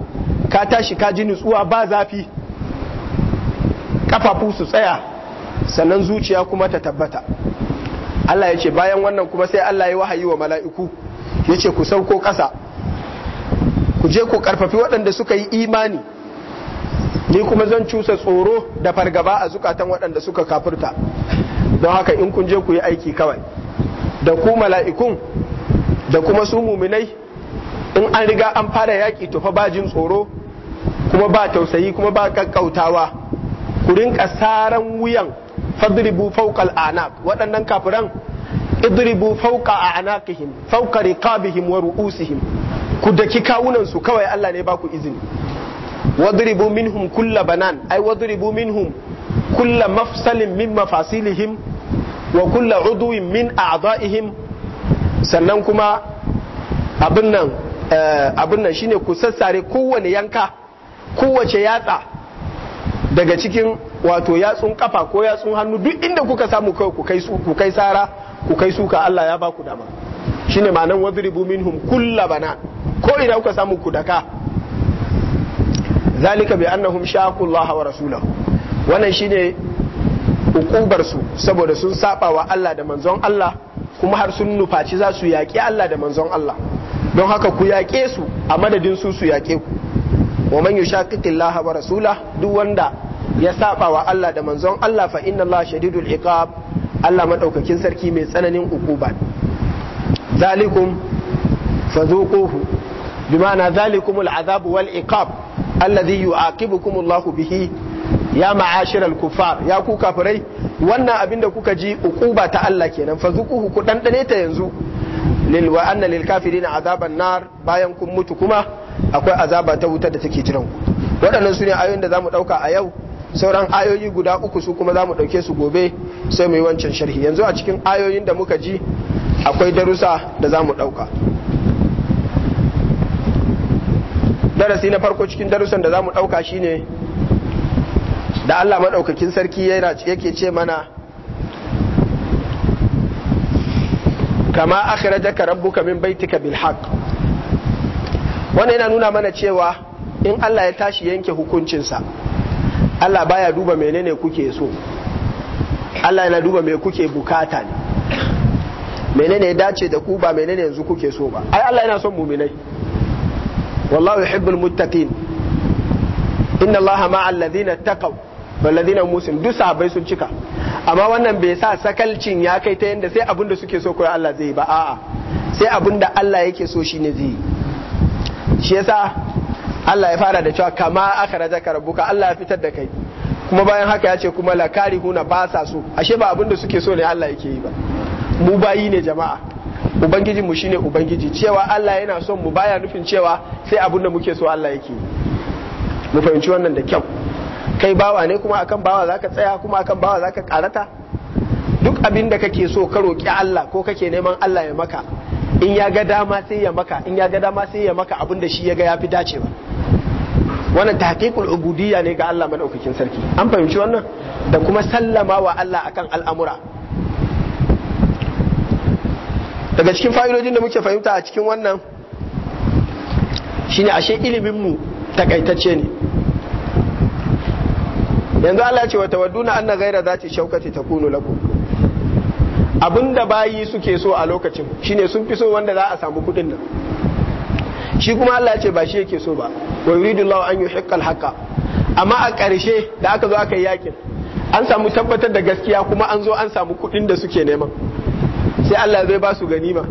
ka tashi ka ji nutsuwa ba zafi kafafu su tsaya sannan zuciya kuma ta tabbata Allah ya ce bayan wannan kuma sai Allah ya wahayi wa mala'iku ya ce ku sauko ƙasa ku je ku ƙarfafi waɗanda suka yi imani ni kuma zan cusa tsoro da fargaba a zukatan waɗanda suka kafurta don haka in kun je ku yi aiki kawai da ku mala'ikun da kuma su muminai in an riga an fara yaƙi to fa ba jin tsoro kuma ba tausayi kuma ba kakkautawa ku rinka saran wuyan fadribu fawqa al'anaq waɗannan kafiran idribu fawqa a'naqihim fawqa riqabihim wa ru'usihim ku daki kawunan su kawai Allah ne ba ku izini wadribu minhum kulla banan ay wadribu minhum kulla mafsalin min mafasilihim wa kulla uduwin min a'dha'ihim sannan kuma abin nan eh, abin nan shine ku sassare kowane yanka kowace yatsa daga cikin wato yatsun kafa ko yatsun hannu duk inda kuka samu kai ku kai ku kai sara ku kai suka Allah ya ba ku dama shine ma'anan wadribu minhum kulla bana ko ina kuka samu ku daka zalika bi annahum shaqu Allah wa rasulahu wannan shine hukubarsu saboda sun saba wa Allah da manzon Allah kuma har sun nufaci za su yaƙi Allah da manzon Allah don haka ku yaƙe su a madadin su su yaƙe ku wa man yushaqiqi Allah wa rasula duk wanda ya saba wa Allah da manzon Allah fa inna Allah shadidul iqab Allah madaukakin sarki mai tsananin ukuba zalikum fadhuquhu na zalikumul azab wal iqab alladhi yu'aqibukum Allah bihi ya ma'ashir al kufar ya ku kafirai wannan abin da kuka ji ukuba ta Allah kenan fa zuquhu ku dandane ta yanzu lil wa anna lil kafirin azaban nar bayan kun mutu kuma akwai azaba ta wuta da take jiran ku waɗannan su ne ayoyin da zamu dauka a yau sauran ayoyi guda uku su kuma zamu dauke su gobe sai mu yi wancan sharhi yanzu a cikin ayoyin da muka ji akwai darusa da zamu dauka darasi na farko cikin darusan da zamu dauka shine da Allah maɗaukakin sarki yake ce mana kama akhrajaka rabbuka min baitika bil haqq wannan yana nuna mana cewa in Allah ya tashi yanke hukuncinsa Allah baya duba menene kuke so Allah yana duba me kuke bukata ne menene ya dace da ku ba menene yanzu kuke so ba ai Allah yana son muminai wallahu yuhibbul muttaqin inna Allah ma'a alladhina taqaw balladina musim duk sahabbai sun cika amma wannan bai sa sakalcin ya kai ta yadda sai abin da suke so koyi Allah zai ba a'a sai abin da Allah yake so shine zai shi yasa Allah ya fara da cewa kama aka akhrajaka rabbuka Allah ya fitar da kai kuma bayan haka ya ce kuma lakari huna ba sa so ashe ba abin da suke so ne Allah yake yi ba mu bayi ne jama'a ubangiji mu shine ubangiji cewa Allah yana son mu baya nufin cewa sai abin da muke so Allah yake yi mu fahimci wannan da kyau kai bawa ne kuma akan bawa zaka tsaya kuma akan bawa zaka karata duk abin da kake so ka roƙi Allah ko kake neman Allah ya maka in ya ga dama sai ya maka in ya ga dama sai ya maka abin da shi ya ga yafi dacewa wannan tahqiqul ubudiyya ne ga Allah madaukakin sarki an fahimci wannan da kuma sallama wa Allah akan al'amura daga cikin fa'idojin da muke fahimta a cikin wannan shine ashe ilimin mu takaitacce ne yanzu Allah ce wata waduna anna ghaira zati shaukati takunu lakum da bayi suke so a lokacin shine sun fi so wanda za a samu kuɗin nan shi kuma Allah ce ba shi yake so ba wa yuridullahu an yuhiqqa haka amma a ƙarshe da aka zo aka yi yakin an samu tabbatar da gaskiya kuma an zo an samu kuɗin da suke neman sai Allah zai ba su ganima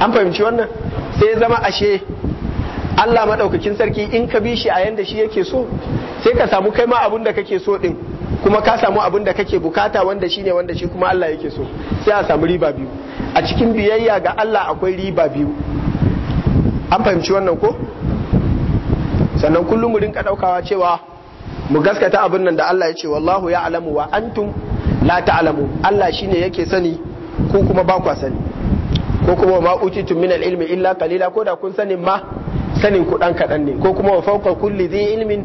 an fahimci wannan sai zama ashe Allah maɗaukakin sarki in ka bi shi a yanda shi yake so sai ka samu kai ma abin da kake so ɗin kuma ka samu abin da kake bukata wanda shine wanda shi kuma Allah yake so sai a samu riba biyu a cikin biyayya ga Allah akwai riba biyu an fahimci wannan ko sannan kullum mu rinka ɗaukawa cewa mu gaskata abin nan da Allah ya ce wallahu ya alamu wa antum la ta'lamu Allah shine yake sani ko kuma ba ku sani ko kuma ma utitum min al-ilmi illa qalila ko da kun sani ma sanin ku kaɗan ne ko kuma wa fauka kulli zai ilimin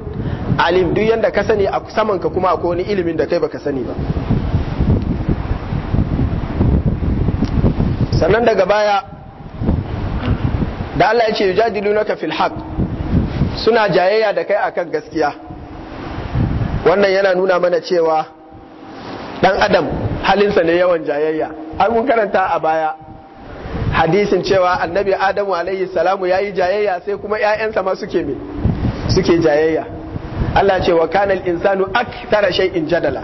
alim duk yadda ka sani a saman ka kuma akwai wani ilimin da kai baka sani ba sannan daga baya da Allah ya ce na fil haq suna jayayya da kai akan gaskiya wannan yana nuna mana cewa dan adam halinsa ne yawan jayayya an mun karanta a baya hadisin cewa annabi adamu alaihi salamu ya yi jayayya sai kuma 'ya'yansa ma suke me suke jayayya Allah ce wa kanal insanu akthara shay'in jadala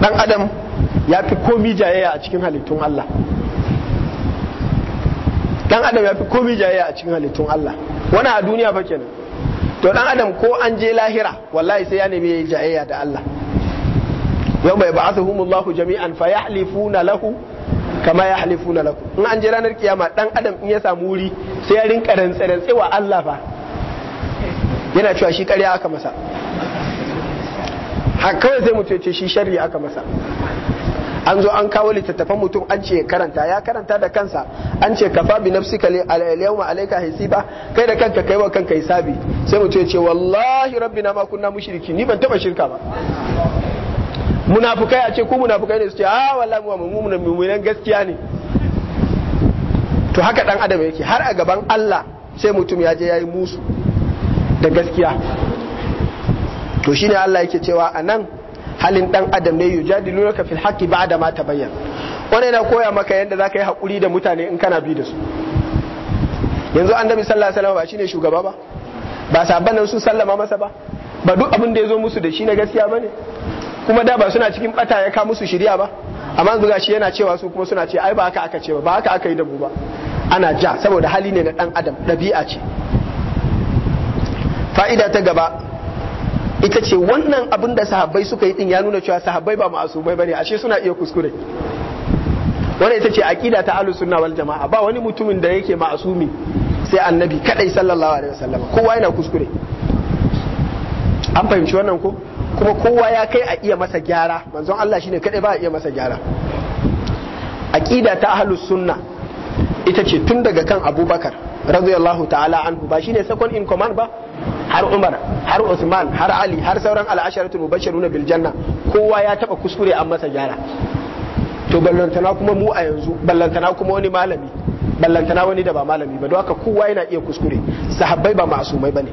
dan adam ya fi komi jayayya a cikin halittun Allah dan adam ya fi komi jayayya a cikin halittun Allah wani a duniya fa kenan to dan adam ko an je lahira wallahi sai ya nemi yayi jayayya da Allah yawma yab'athuhumullahu jami'an fayahlifuna lahu kama ya halifuna lakum in an je ranar kiyama dan adam in ya samu wuri sai ya rinka rantsa rantsewa Allah fa yana cewa shi ƙarya aka masa haka kawai zai mutu ce shi sharri aka masa an zo an kawo littattafan mutum an ce karanta ya karanta da kansa an ce kafa bi nafsika al-yawma alayka hisiba kai da kanka kai wa kanka hisabi sai mutum ya ce wallahi rabbina ma kunna mushriki ni ban taba shirka ba munafukai a ce ku munafukai ne su ce a ah, wallahi mu mu'minan gaskiya ne to haka dan adam yake har a gaban Allah sai mutum ya je yayi musu da gaskiya to shine Allah yake cewa anan halin dan adam ne yujadilunaka fil haqqi ba'da ma tabayyan wannan yana koya maka yadda zaka yi hakuri da mutane in kana bi da su yanzu annabi sallallahu alaihi wasallam ba shine shugaba ba ba sabban su sun sallama masa ba ba duk abin da ya zo musu da shi na gaskiya ne. kuma da ba suna cikin bata ya kawo musu shirya ba amma yanzu gashi yana cewa su kuma suna ce ai ba haka aka ce ba haka aka yi da ba ana ja saboda hali ne na dan adam dabia ce fa'ida ta gaba ita ce wannan abin da sahabbai suka yi din ya nuna cewa sahabbai ba ma'asumai bane ashe suna iya kuskure wannan ita ce aqida ta ahlus sunna wal jama'a ba wani mutumin da yake ma'asumi sai annabi kadai sallallahu alaihi wasallam kowa yana kuskure an fahimci wannan ko kuma kowa ya kai a iya masa gyara manzon Allah shine kadai ba a iya masa gyara aqida ta ahlus sunna ita ce tun daga kan abubakar radiyallahu ta'ala anhu ba shine second in command ba har umar har usman har ali har sauran al'asharatul mubashiruna bil janna kowa ya taba kuskure an masa gyara to ballantana kuma mu a yanzu ballantana kuma wani malami ballantana wani da ba malami ba don haka kowa yana iya kuskure sahabbai ba masumai bane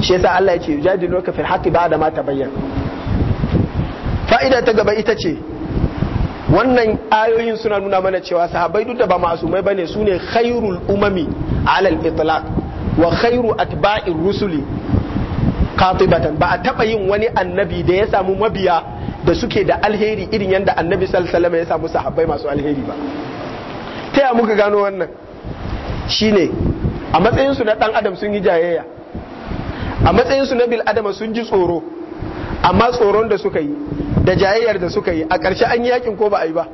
shi yasa Allah ya ce yujadiluka fil haqqi ba'da ma tabayyan fa'ida ta gaba ita ce wannan ayoyin suna nuna mana cewa sahabbai duk da ba masumai bane su ne khairul umami alal itlaq wa khairu atba'ir rusuli qatibatan ba a taba yin wani annabi da ya samu mabiya da suke da alheri irin yadda annabi sallallahu alaihi wasallam ya samu sahabbai masu alheri ba ta ya muka gano wannan shine a matsayin na dan adam sun yi jayayya a matsayinsu na bil'adama sun ji tsoro amma tsoron da suka yi da jayayyar da suka yi a ƙarshe an yi yakin ko ba a yi ba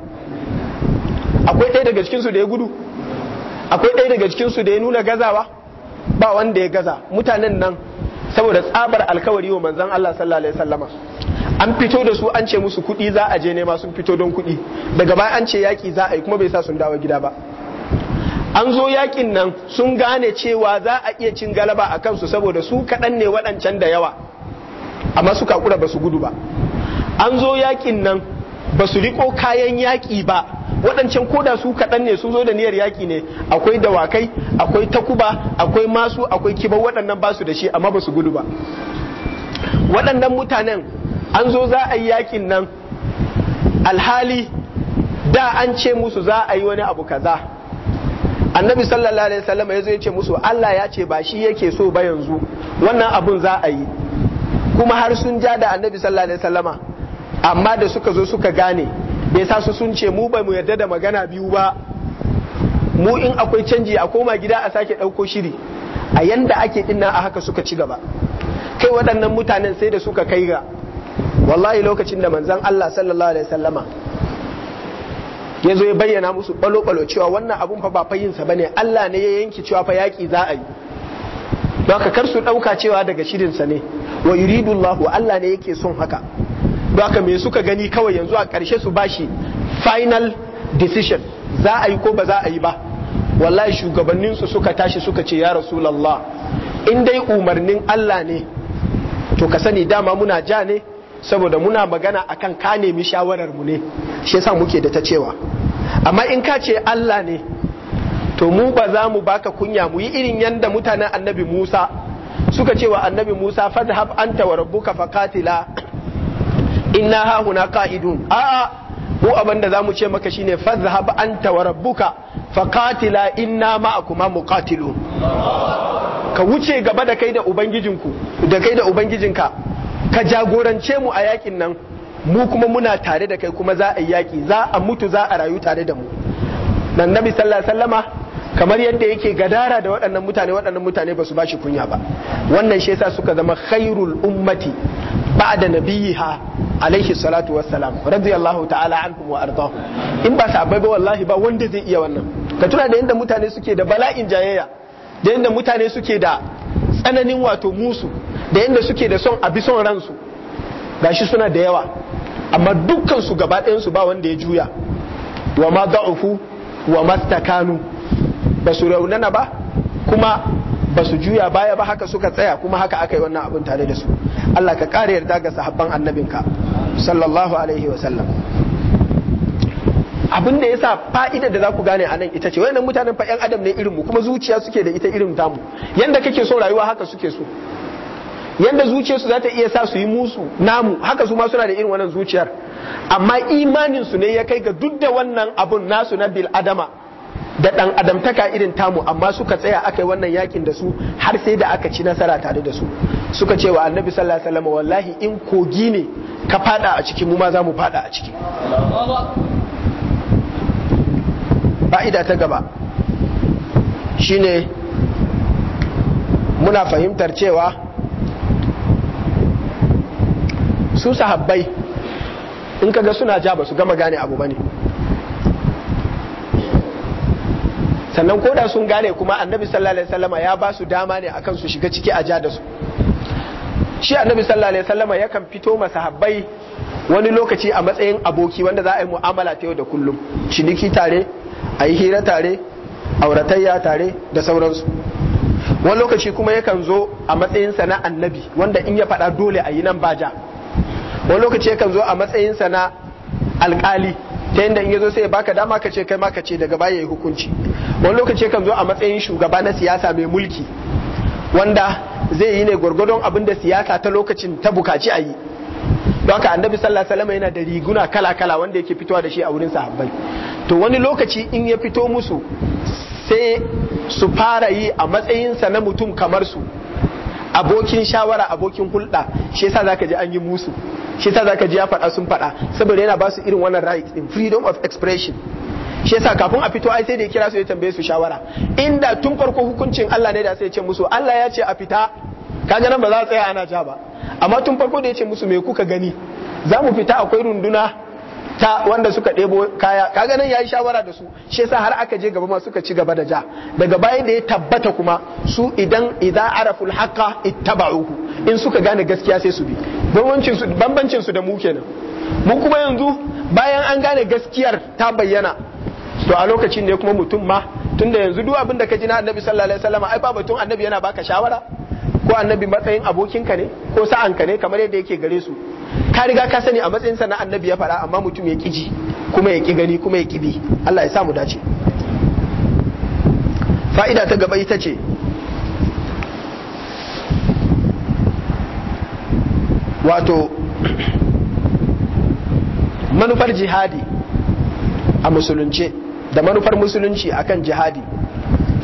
akwai ɗaya daga cikinsu da ya gudu akwai ɗaya daga cikinsu da ya nuna gazawa ba wanda ya gaza mutanen nan saboda tsabar alkawari wa manzan Allah sallallahu alaihi wasallama an fito da su an ce musu kuɗi za a je nema sun fito don kuɗi daga baya an ce yaƙi za a yi kuma bai sa sun dawo gida ba an zo yakin nan sun gane cewa za a iya cin galaba a kansu saboda su kaɗan ne waɗancan da yawa amma su kakura ba su gudu ba an zo yakin nan ba su riko kayan yaƙi ba waɗancan koda su kaɗan ne sun zo da niyar yaƙi ne akwai dawakai akwai takuba akwai masu akwai kibar waɗannan ba su da shi amma ba su gudu ba waɗannan mutanen an zo za a yi yaƙin nan alhali da an ce musu za a yi wani abu kaza annabi sallallahu alaihi wasallam ya zo ce musu Allah ya ce ba shi yake so ba yanzu wannan abun za a yi kuma har sun ja da annabi sallallahu alaihi wasallama amma da suka zo suka gane da yasa su sun ce mu ba mu yarda da magana biyu ba mu in akwai canji a koma gida a sake ɗauko shiri a yanda ake dinna a haka suka ci gaba kai waɗannan mutanen sai da suka kai ga wallahi lokacin da manzon Allah sallallahu alaihi wasallama ya zo ya bayyana musu balo-balo cewa wannan abun fa ba fahimsa ba ne Allah ne ya yanki cewa fa yaƙi za a yi don haka kar su ɗauka cewa daga shirinsa ne wa yuridullahu Allah ne yake son haka don haka me suka gani kawai yanzu a karshe su bashi final decision za a yi ko ba za a yi ba wallahi su suka tashi suka ce ya rasulullah in dai umarnin Allah ne to ka sani dama muna ja ne saboda muna magana akan ka nemi shawarar mu ne shi yasa muke da ta cewa amma in ka ce Allah ne to mu ba za mu baka kunya mu yi irin yanda mutanen annabi Musa suka ce wa annabi Musa fadhhab anta wa rabbuka faqatila inna hahuna qa'idun 'a mu abin da zamu ce maka shine fadhhab anta wa rabbuka faqatila inna ma'akuma muqatilun ka wuce gaba da kai da ubangijinku da kai da ubangijinka ka jagorance mu a yakin nan mu kuma muna tare da kai kuma za a yi yaƙi za a mutu za a rayu tare da mu nan nabi sallallahu alaihi wasallama kamar yadda yake gadara da waɗannan mutane waɗannan mutane ba su ba shi kunya ba wannan shi yasa suka zama khairul ummati ba'da nabiyha alaihi salatu wassalam radiyallahu ta'ala anhum wa ardahum in ba sahabbai ba wallahi ba wanda zai iya wannan ka tuna da yadda mutane suke da bala'in jayayya da yadda mutane suke da tsananin wato musu da yadda suke da son abi son ransu gashi suna da yawa amma dukkan su gaba ɗayan su ba wanda ya juya wa ma da'ufu wa mastakanu ba su raunana ba kuma ba su juya baya ba haka suka tsaya kuma haka aka yi wannan abin tare da su Allah ka kare yarda ga sahabban annabinka sallallahu alaihi wa sallam abin da yasa fa'ida da za ku gane nan ita ce wayannan mutanen fa yan adam ne irin mu kuma zuciya suke da ita irin tamu yanda kake so rayuwa haka suke so yanda zuciyarsu za ta iya sa su yi musu namu haka su ma suna da irin wannan zuciyar amma imanin su ne ya kai ga duk da wannan abun nasu na bil adama da dan adamtaka irin tamu amma suka tsaya aka yi wannan yakin da su har sai da aka ci nasara tare da su suka ce wa annabi sallallahu alaihi wasallam wallahi in kogi ne ka fada a ciki mu ma za mu fada a ciki fa'ida ta gaba shine muna fahimtar cewa su sahabbai in kaga suna ja ba su gama gane abu bane sannan koda sun gane kuma annabi sallallahu alaihi wasallama ya ba su dama ne akan su shiga ciki a ja da su shi annabi sallallahu alaihi wasallama yakan fito ma sahabbai wani lokaci a matsayin aboki wanda za a yi mu'amala ta yau da kullum ciniki tare a yi hira tare auratayya tare da sauransu wani lokaci kuma yakan zo a matsayinsa na annabi wanda in ya faɗa dole a yi nan baja wani lokaci yakan zo a matsayinsa na alkali ta yadda in ya zo sai ya baka dama ka ce kai ma ka ce daga baya yi hukunci wani lokaci yakan zo a matsayin shugaba na siyasa mai mulki wanda zai yi ne gwargwadon abin da siyasa ta lokacin ta bukaci a yi don haka annabi sallallahu alaihi yana da riguna kala kala wanda yake fitowa da shi a wurin sahabbai to wani lokaci in ya fito musu sai su fara yi a matsayinsa na mutum kamar su abokin shawara abokin hulɗa shi yasa zaka ji an yi musu shi yasa zaka ji ya faɗa sun faɗa saboda yana ba su irin wannan right in freedom of expression shi yasa kafin a fito ai sai da ya kira su ya tambaye su shawara inda tun farko hukuncin Allah ne da sai ya ce musu Allah ya ce a fita kaga nan ba za a tsaya ana ja ba amma tun farko da ya ce musu me kuka gani za mu fita akwai runduna ta wanda suka ɗebo kaya kaga nan yayi shawara da su shi yasa har aka je gaba ma suka ci gaba da ja daga bayan da ya tabbata kuma su idan idza araful haqqa ittaba'uhu in suka gane gaskiya sai su bi bambancin su bambancin su da mu kenan mu kuma yanzu bayan an gane gaskiyar ta bayyana to a lokacin ne kuma mutum ma tunda yanzu duk abin da ka ji na annabi sallallahu alaihi wasallam ai ba batun annabi yana baka shawara ko annabi matsayin abokinka ne ko sa'anka ne kamar yadda yake gare su ka riga ka sani a matsayinsa na annabi ya fara amma mutum ya kiji kuma ya ƙi gani kuma ya ƙi Allah ya samu dace fa'ida ta gaba ita ce wato manufar jihadi a musulunce da manufar musulunci akan jihadi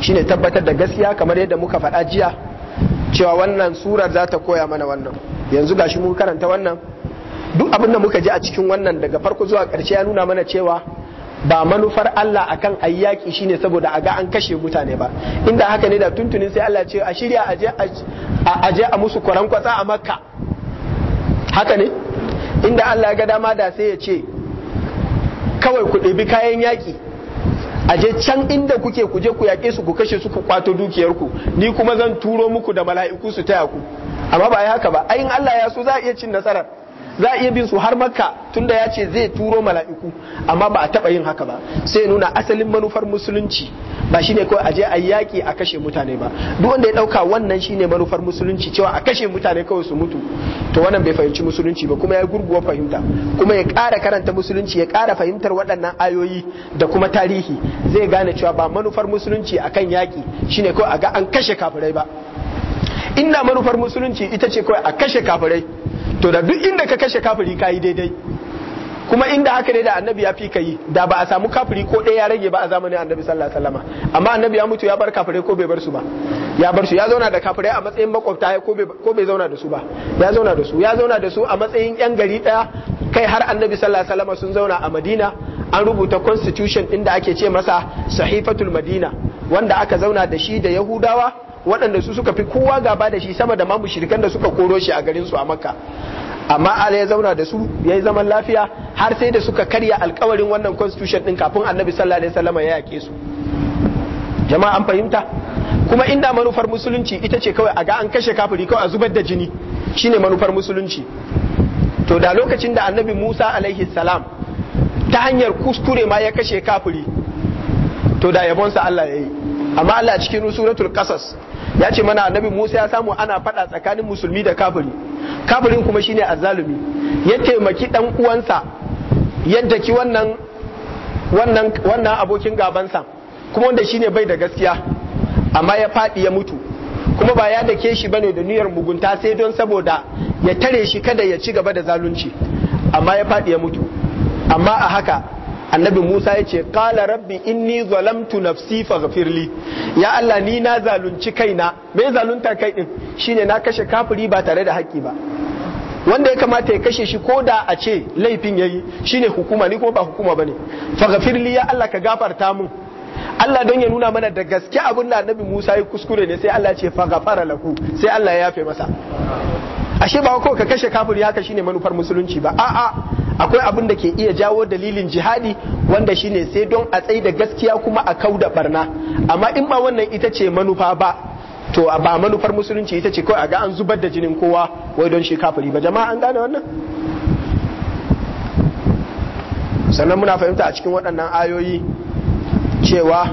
shine tabbatar da gaskiya kamar yadda muka faɗa jiya cewa wannan surar za ta koya mana wannan yanzu gashi mu karanta wannan duk abin da muka ji a cikin wannan daga farko zuwa ƙarshe ya nuna mana cewa ba manufar Allah akan ayyaki shine saboda a ga an kashe mutane ba inda haka ne da tuntunin sai Allah ce a shirya a aje a musu kwaran kwatsa a makka haka ne inda Allah ya ga dama da sai ya ce kawai ku ɗebi kayan yaƙi aje can inda kuke kuje ku yaƙe su ku kashe su ku kwato dukiyarku ni kuma zan turo muku da mala'iku su taya ku amma ba ai haka ba ayin Allah ya so za a iya cin nasarar za a iya bin su har makka tunda ya ce zai turo mala'iku amma ba a taɓa yin haka ba sai nuna asalin manufar musulunci ba shi ne kawai aje a yaƙi a kashe mutane ba duk wanda ya ɗauka wannan shi ne manufar musulunci cewa a kashe mutane kawai su mutu to wannan bai fahimci musulunci ba kuma ya gurguwa fahimta kuma ya ƙara karanta musulunci ya ƙara fahimtar waɗannan ayoyi da kuma tarihi zai gane cewa ba manufar musulunci a kan yaƙi shi ne kawai a ga an kashe kafirai ba inna manufar musulunci ita ce kawai a kashe kafirai to da duk inda ka kashe kafiri kayi daidai kuma inda haka ne da annabi ya fi ka yi da ba a samu kafiri ko ɗaya ya rage ba a zamanin annabi sallallahu alaihi wasallam amma annabi ya mutu ya bar kafire ko bai bar su ba ya bar su ya zauna da kafire a matsayin makwabta ko bai zauna da su ba ya zauna da su ya zauna da su a matsayin yan gari ɗaya kai har annabi sallallahu alaihi wasallam sun zauna a Madina an rubuta constitution inda da ake ce masa sahifatul Madina wanda aka zauna da shi da Yahudawa waɗanda su suka fi kowa gaba da shi sama da ma mushrikan da suka koro shi a garin su a Makka amma Allah ya zauna da su ya yi zaman lafiya har sai da suka karya alkawarin wannan constitution din kafin annabi sallallahu alaihi wasallam ya yake su jama'a an fahimta kuma inda manufar musulunci ita ce kawai a ga an kashe kafiri kawai a zubar da jini shine manufar musulunci to da lokacin da annabi Musa alaihi salam ta hanyar kuskure ma ya kashe kafiri to da yabonsa Allah ya yi amma Allah cikin suratul qasas ya ce mana annabi Musa ya samu ana fada tsakanin musulmi da kafiri kafirin kuma shine azzalumi ya taimaki dan uwansa yadda ki wannan wannan wannan abokin gabansa kuma wanda shine bai da gaskiya amma ya fadi ya mutu kuma ba ya dake shi bane da niyyar mugunta sai don saboda ya tare shi kada ya ci gaba da zalunci amma ya fadi ya mutu amma a haka annabi Musa ya ce qala rabbi in inni zalamtu nafsi faghfirli ya Allah ni na zalunci kaina me zalunta kai din shine na kashe kafiri ba tare da haƙƙi ba wanda ya kamata ya kashe shi ko da a ce laifin yayi shine hukuma ni kuma ba hukuma bane faghfirli ya Allah ka gafarta mun Allah don ya nuna mana da gaske abin da annabi Musa ya kuskure ne sai Allah ce faghfara lahu sai Allah ya yafe masa ashe ba ko ka kashe kafiri haka shine manufar musulunci ba a'a akwai abin da ke iya jawo dalilin jihadi wanda shine sai don a tsaye da gaskiya kuma a kau da barna amma in ba wannan ita ce manufa ba to ba manufar musulunci ita ce kawai a ga an zubar da jinin kowa wai don shi kafiri ba jama'a an gane wannan sannan muna fahimta a cikin waɗannan ayoyi cewa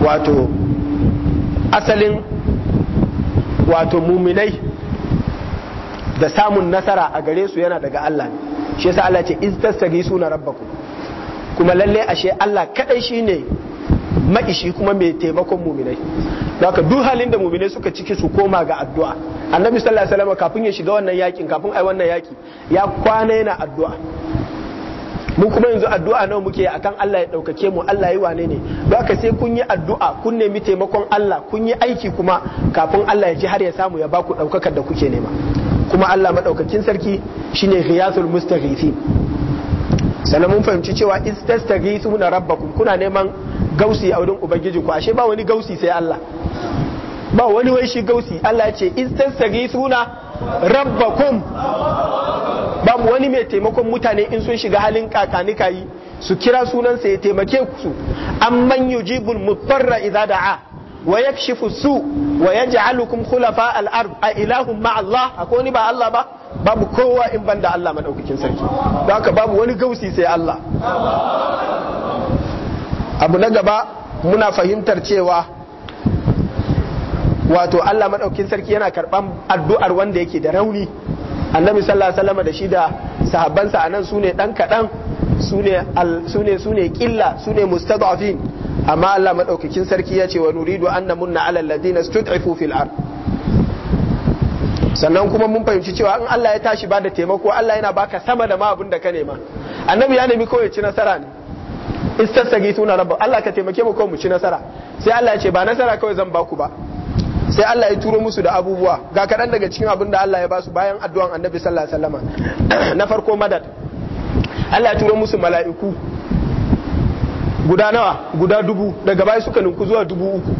wato asalin wato muminai da samun nasara a gare su yana daga Allah ne shi yasa Allah ce iz suna rabbaku kuma lalle ashe Allah kadai shine maishi kuma mai taimakon muminai haka duk halin da muminai suka ciki su koma ga addu'a annabi sallallahu alaihi wasallam kafin ya shiga wannan yakin kafin ai wannan yaki ya kwana yana addu'a mu kuma yanzu addu'a nawa muke akan Allah ya ɗaukake mu Allah yi wane ne haka sai kun yi addu'a kun nemi taimakon Allah kun yi aiki kuma kafin Allah ya ji har ya samu ya baku ɗaukakar da kuke nema kuma Allah madaukakin sarki shine ghiyathul mustaghithin sannan mun fahimci cewa na rabbakum kuna neman gausi a wurin ubangiji ku ashe ba wani gausi sai Allah ba wani wai shi gausi Allah ya ce na rabbakum babu wani mai taimakon mutane in sun shiga halin kakanikayi su kira sa ya taimake su amman yujibul mutarra idza da'a wa yakshifu su wa yaj'alukum khulafa al-ard a ilahum ma Allah akwai wani ba Allah ba babu kowa in banda Allah madaukakin sarki don haka babu wani gausi sai Allah abu na gaba muna fahimtar cewa wato Allah madaukakin sarki yana karban addu'ar wanda yake da rauni annabi sallallahu alaihi da shida da sahabbansa anan sune dan kadan sune sune sune killa amma Allah madaukakin sarki ya ce wa nuridu anna munna ala alladhina stud'ifu fil ard sannan kuma mun fahimci cewa in Allah ya tashi bada taimako Allah yana baka sama da ma abin da ka nema annabi ya nemi kawai ci nasara ne istassagi tuna rabba Allah ka taimake mu kawai mu ci nasara sai Allah ya ce ba nasara kawai zan baku ba sai Allah ya turo musu da abubuwa ga kadan daga cikin abin da Allah ya basu bayan addu'an annabi sallallahu alaihi wasallam na farko madad Allah ya turo musu mala'iku guda nawa guda dubu daga baya suka ninku zuwa dubu uku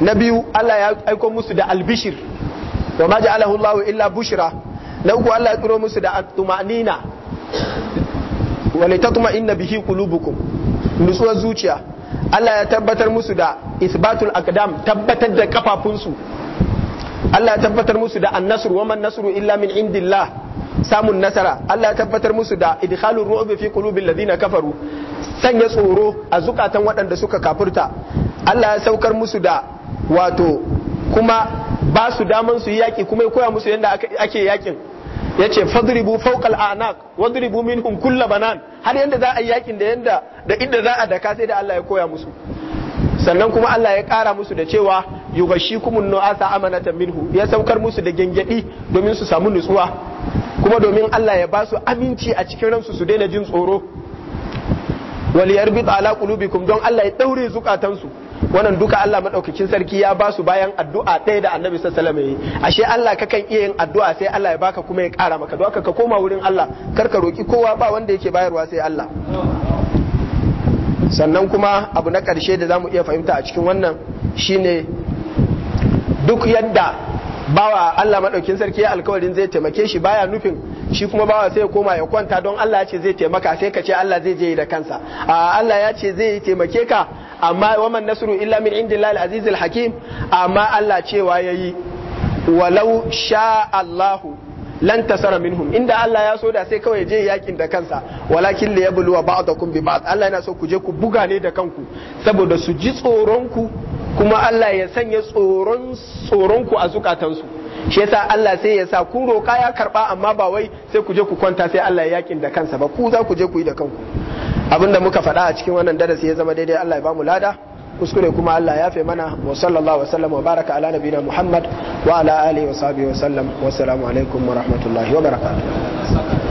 na biyu Allah ya aiko musu da albishir wa ma ja'alahu Allah illa bushra na uku Allah ya tsiro musu da attumanina wa tatma'inna bihi qulubukum nutsuwar zuciya Allah ya tabbatar musu da isbatul aqdam tabbatar da kafafunsu Allah ya tabbatar musu da annasru wa man nasru illa min indillah samun nasara Allah ya tabbatar musu da idkhalur ru'b fi qulubil ladina kafaru sanya tsoro a zukatan waɗanda suka kafurta Allah ya saukar musu da wato kuma ba su daman su yi yaki kuma ya koya musu yadda ake yakin yace fadribu fawqal a'naq wadribu minhum kull banan har yanda za a yi yakin da yanda da inda za a daka sai da Allah ya koya musu sannan kuma Allah ya kara musu da cewa yughashikumun nu'asa amanatan minhu ya saukar musu da gengedi domin su samu nutsuwa kuma domin Allah ya ba su aminci a cikin ransu su daina jin tsoro yarbit ala qulubikum don Allah ya daure zukatansu wannan duka Allah madaukakin sarki ya ba su bayan addu'a ɗaya da Annabi sallallahu alaihi wasallam ashe Allah kakan iya yin addu'a sai Allah ya baka kuma ya ƙara maka don ka koma wurin Allah kar ka roki kowa ba wanda yake bayarwa sai Allah sannan kuma abu na ƙarshe da zamu iya fahimta a cikin wannan shine duk yadda bawa Allah maɗaukin sarki ya alkawarin zai taimake shi baya nufin shi kuma bawa sai ya koma ya kwanta don Allah ya ce zai taimaka sai ka ce Allah zai je da kansa a Allah ya ce zai taimake ka amma waman nasru illa min indillahi azizil hakim amma Allah cewa yayi walau sha Allahu lan tasara minhum inda Allah ya so da sai kawai je yakin da kansa walakin li yabluwa ba'dakum bi ba'd Allah yana so ku je ku buga ne da kanku saboda su ji tsoron ku kuma Allah ya sanya tsoron tsoronku a zukatansu shi yasa Allah sai ya sa ku roƙa ya karɓa amma ba wai sai ku je ku kwanta sai Allah ya yakin da kansa ba ku za ku je ku yi da kanku abinda muka faɗa a cikin wannan darasi ya zama daidai Allah ya bamu lada kuskure kuma Allah ya fe mana wa sallallahu wa sallam wa baraka ala nabina Muhammad wa ala alihi wa sahbihi wa sallam wa assalamu alaikum wa rahmatullahi wa barakatuh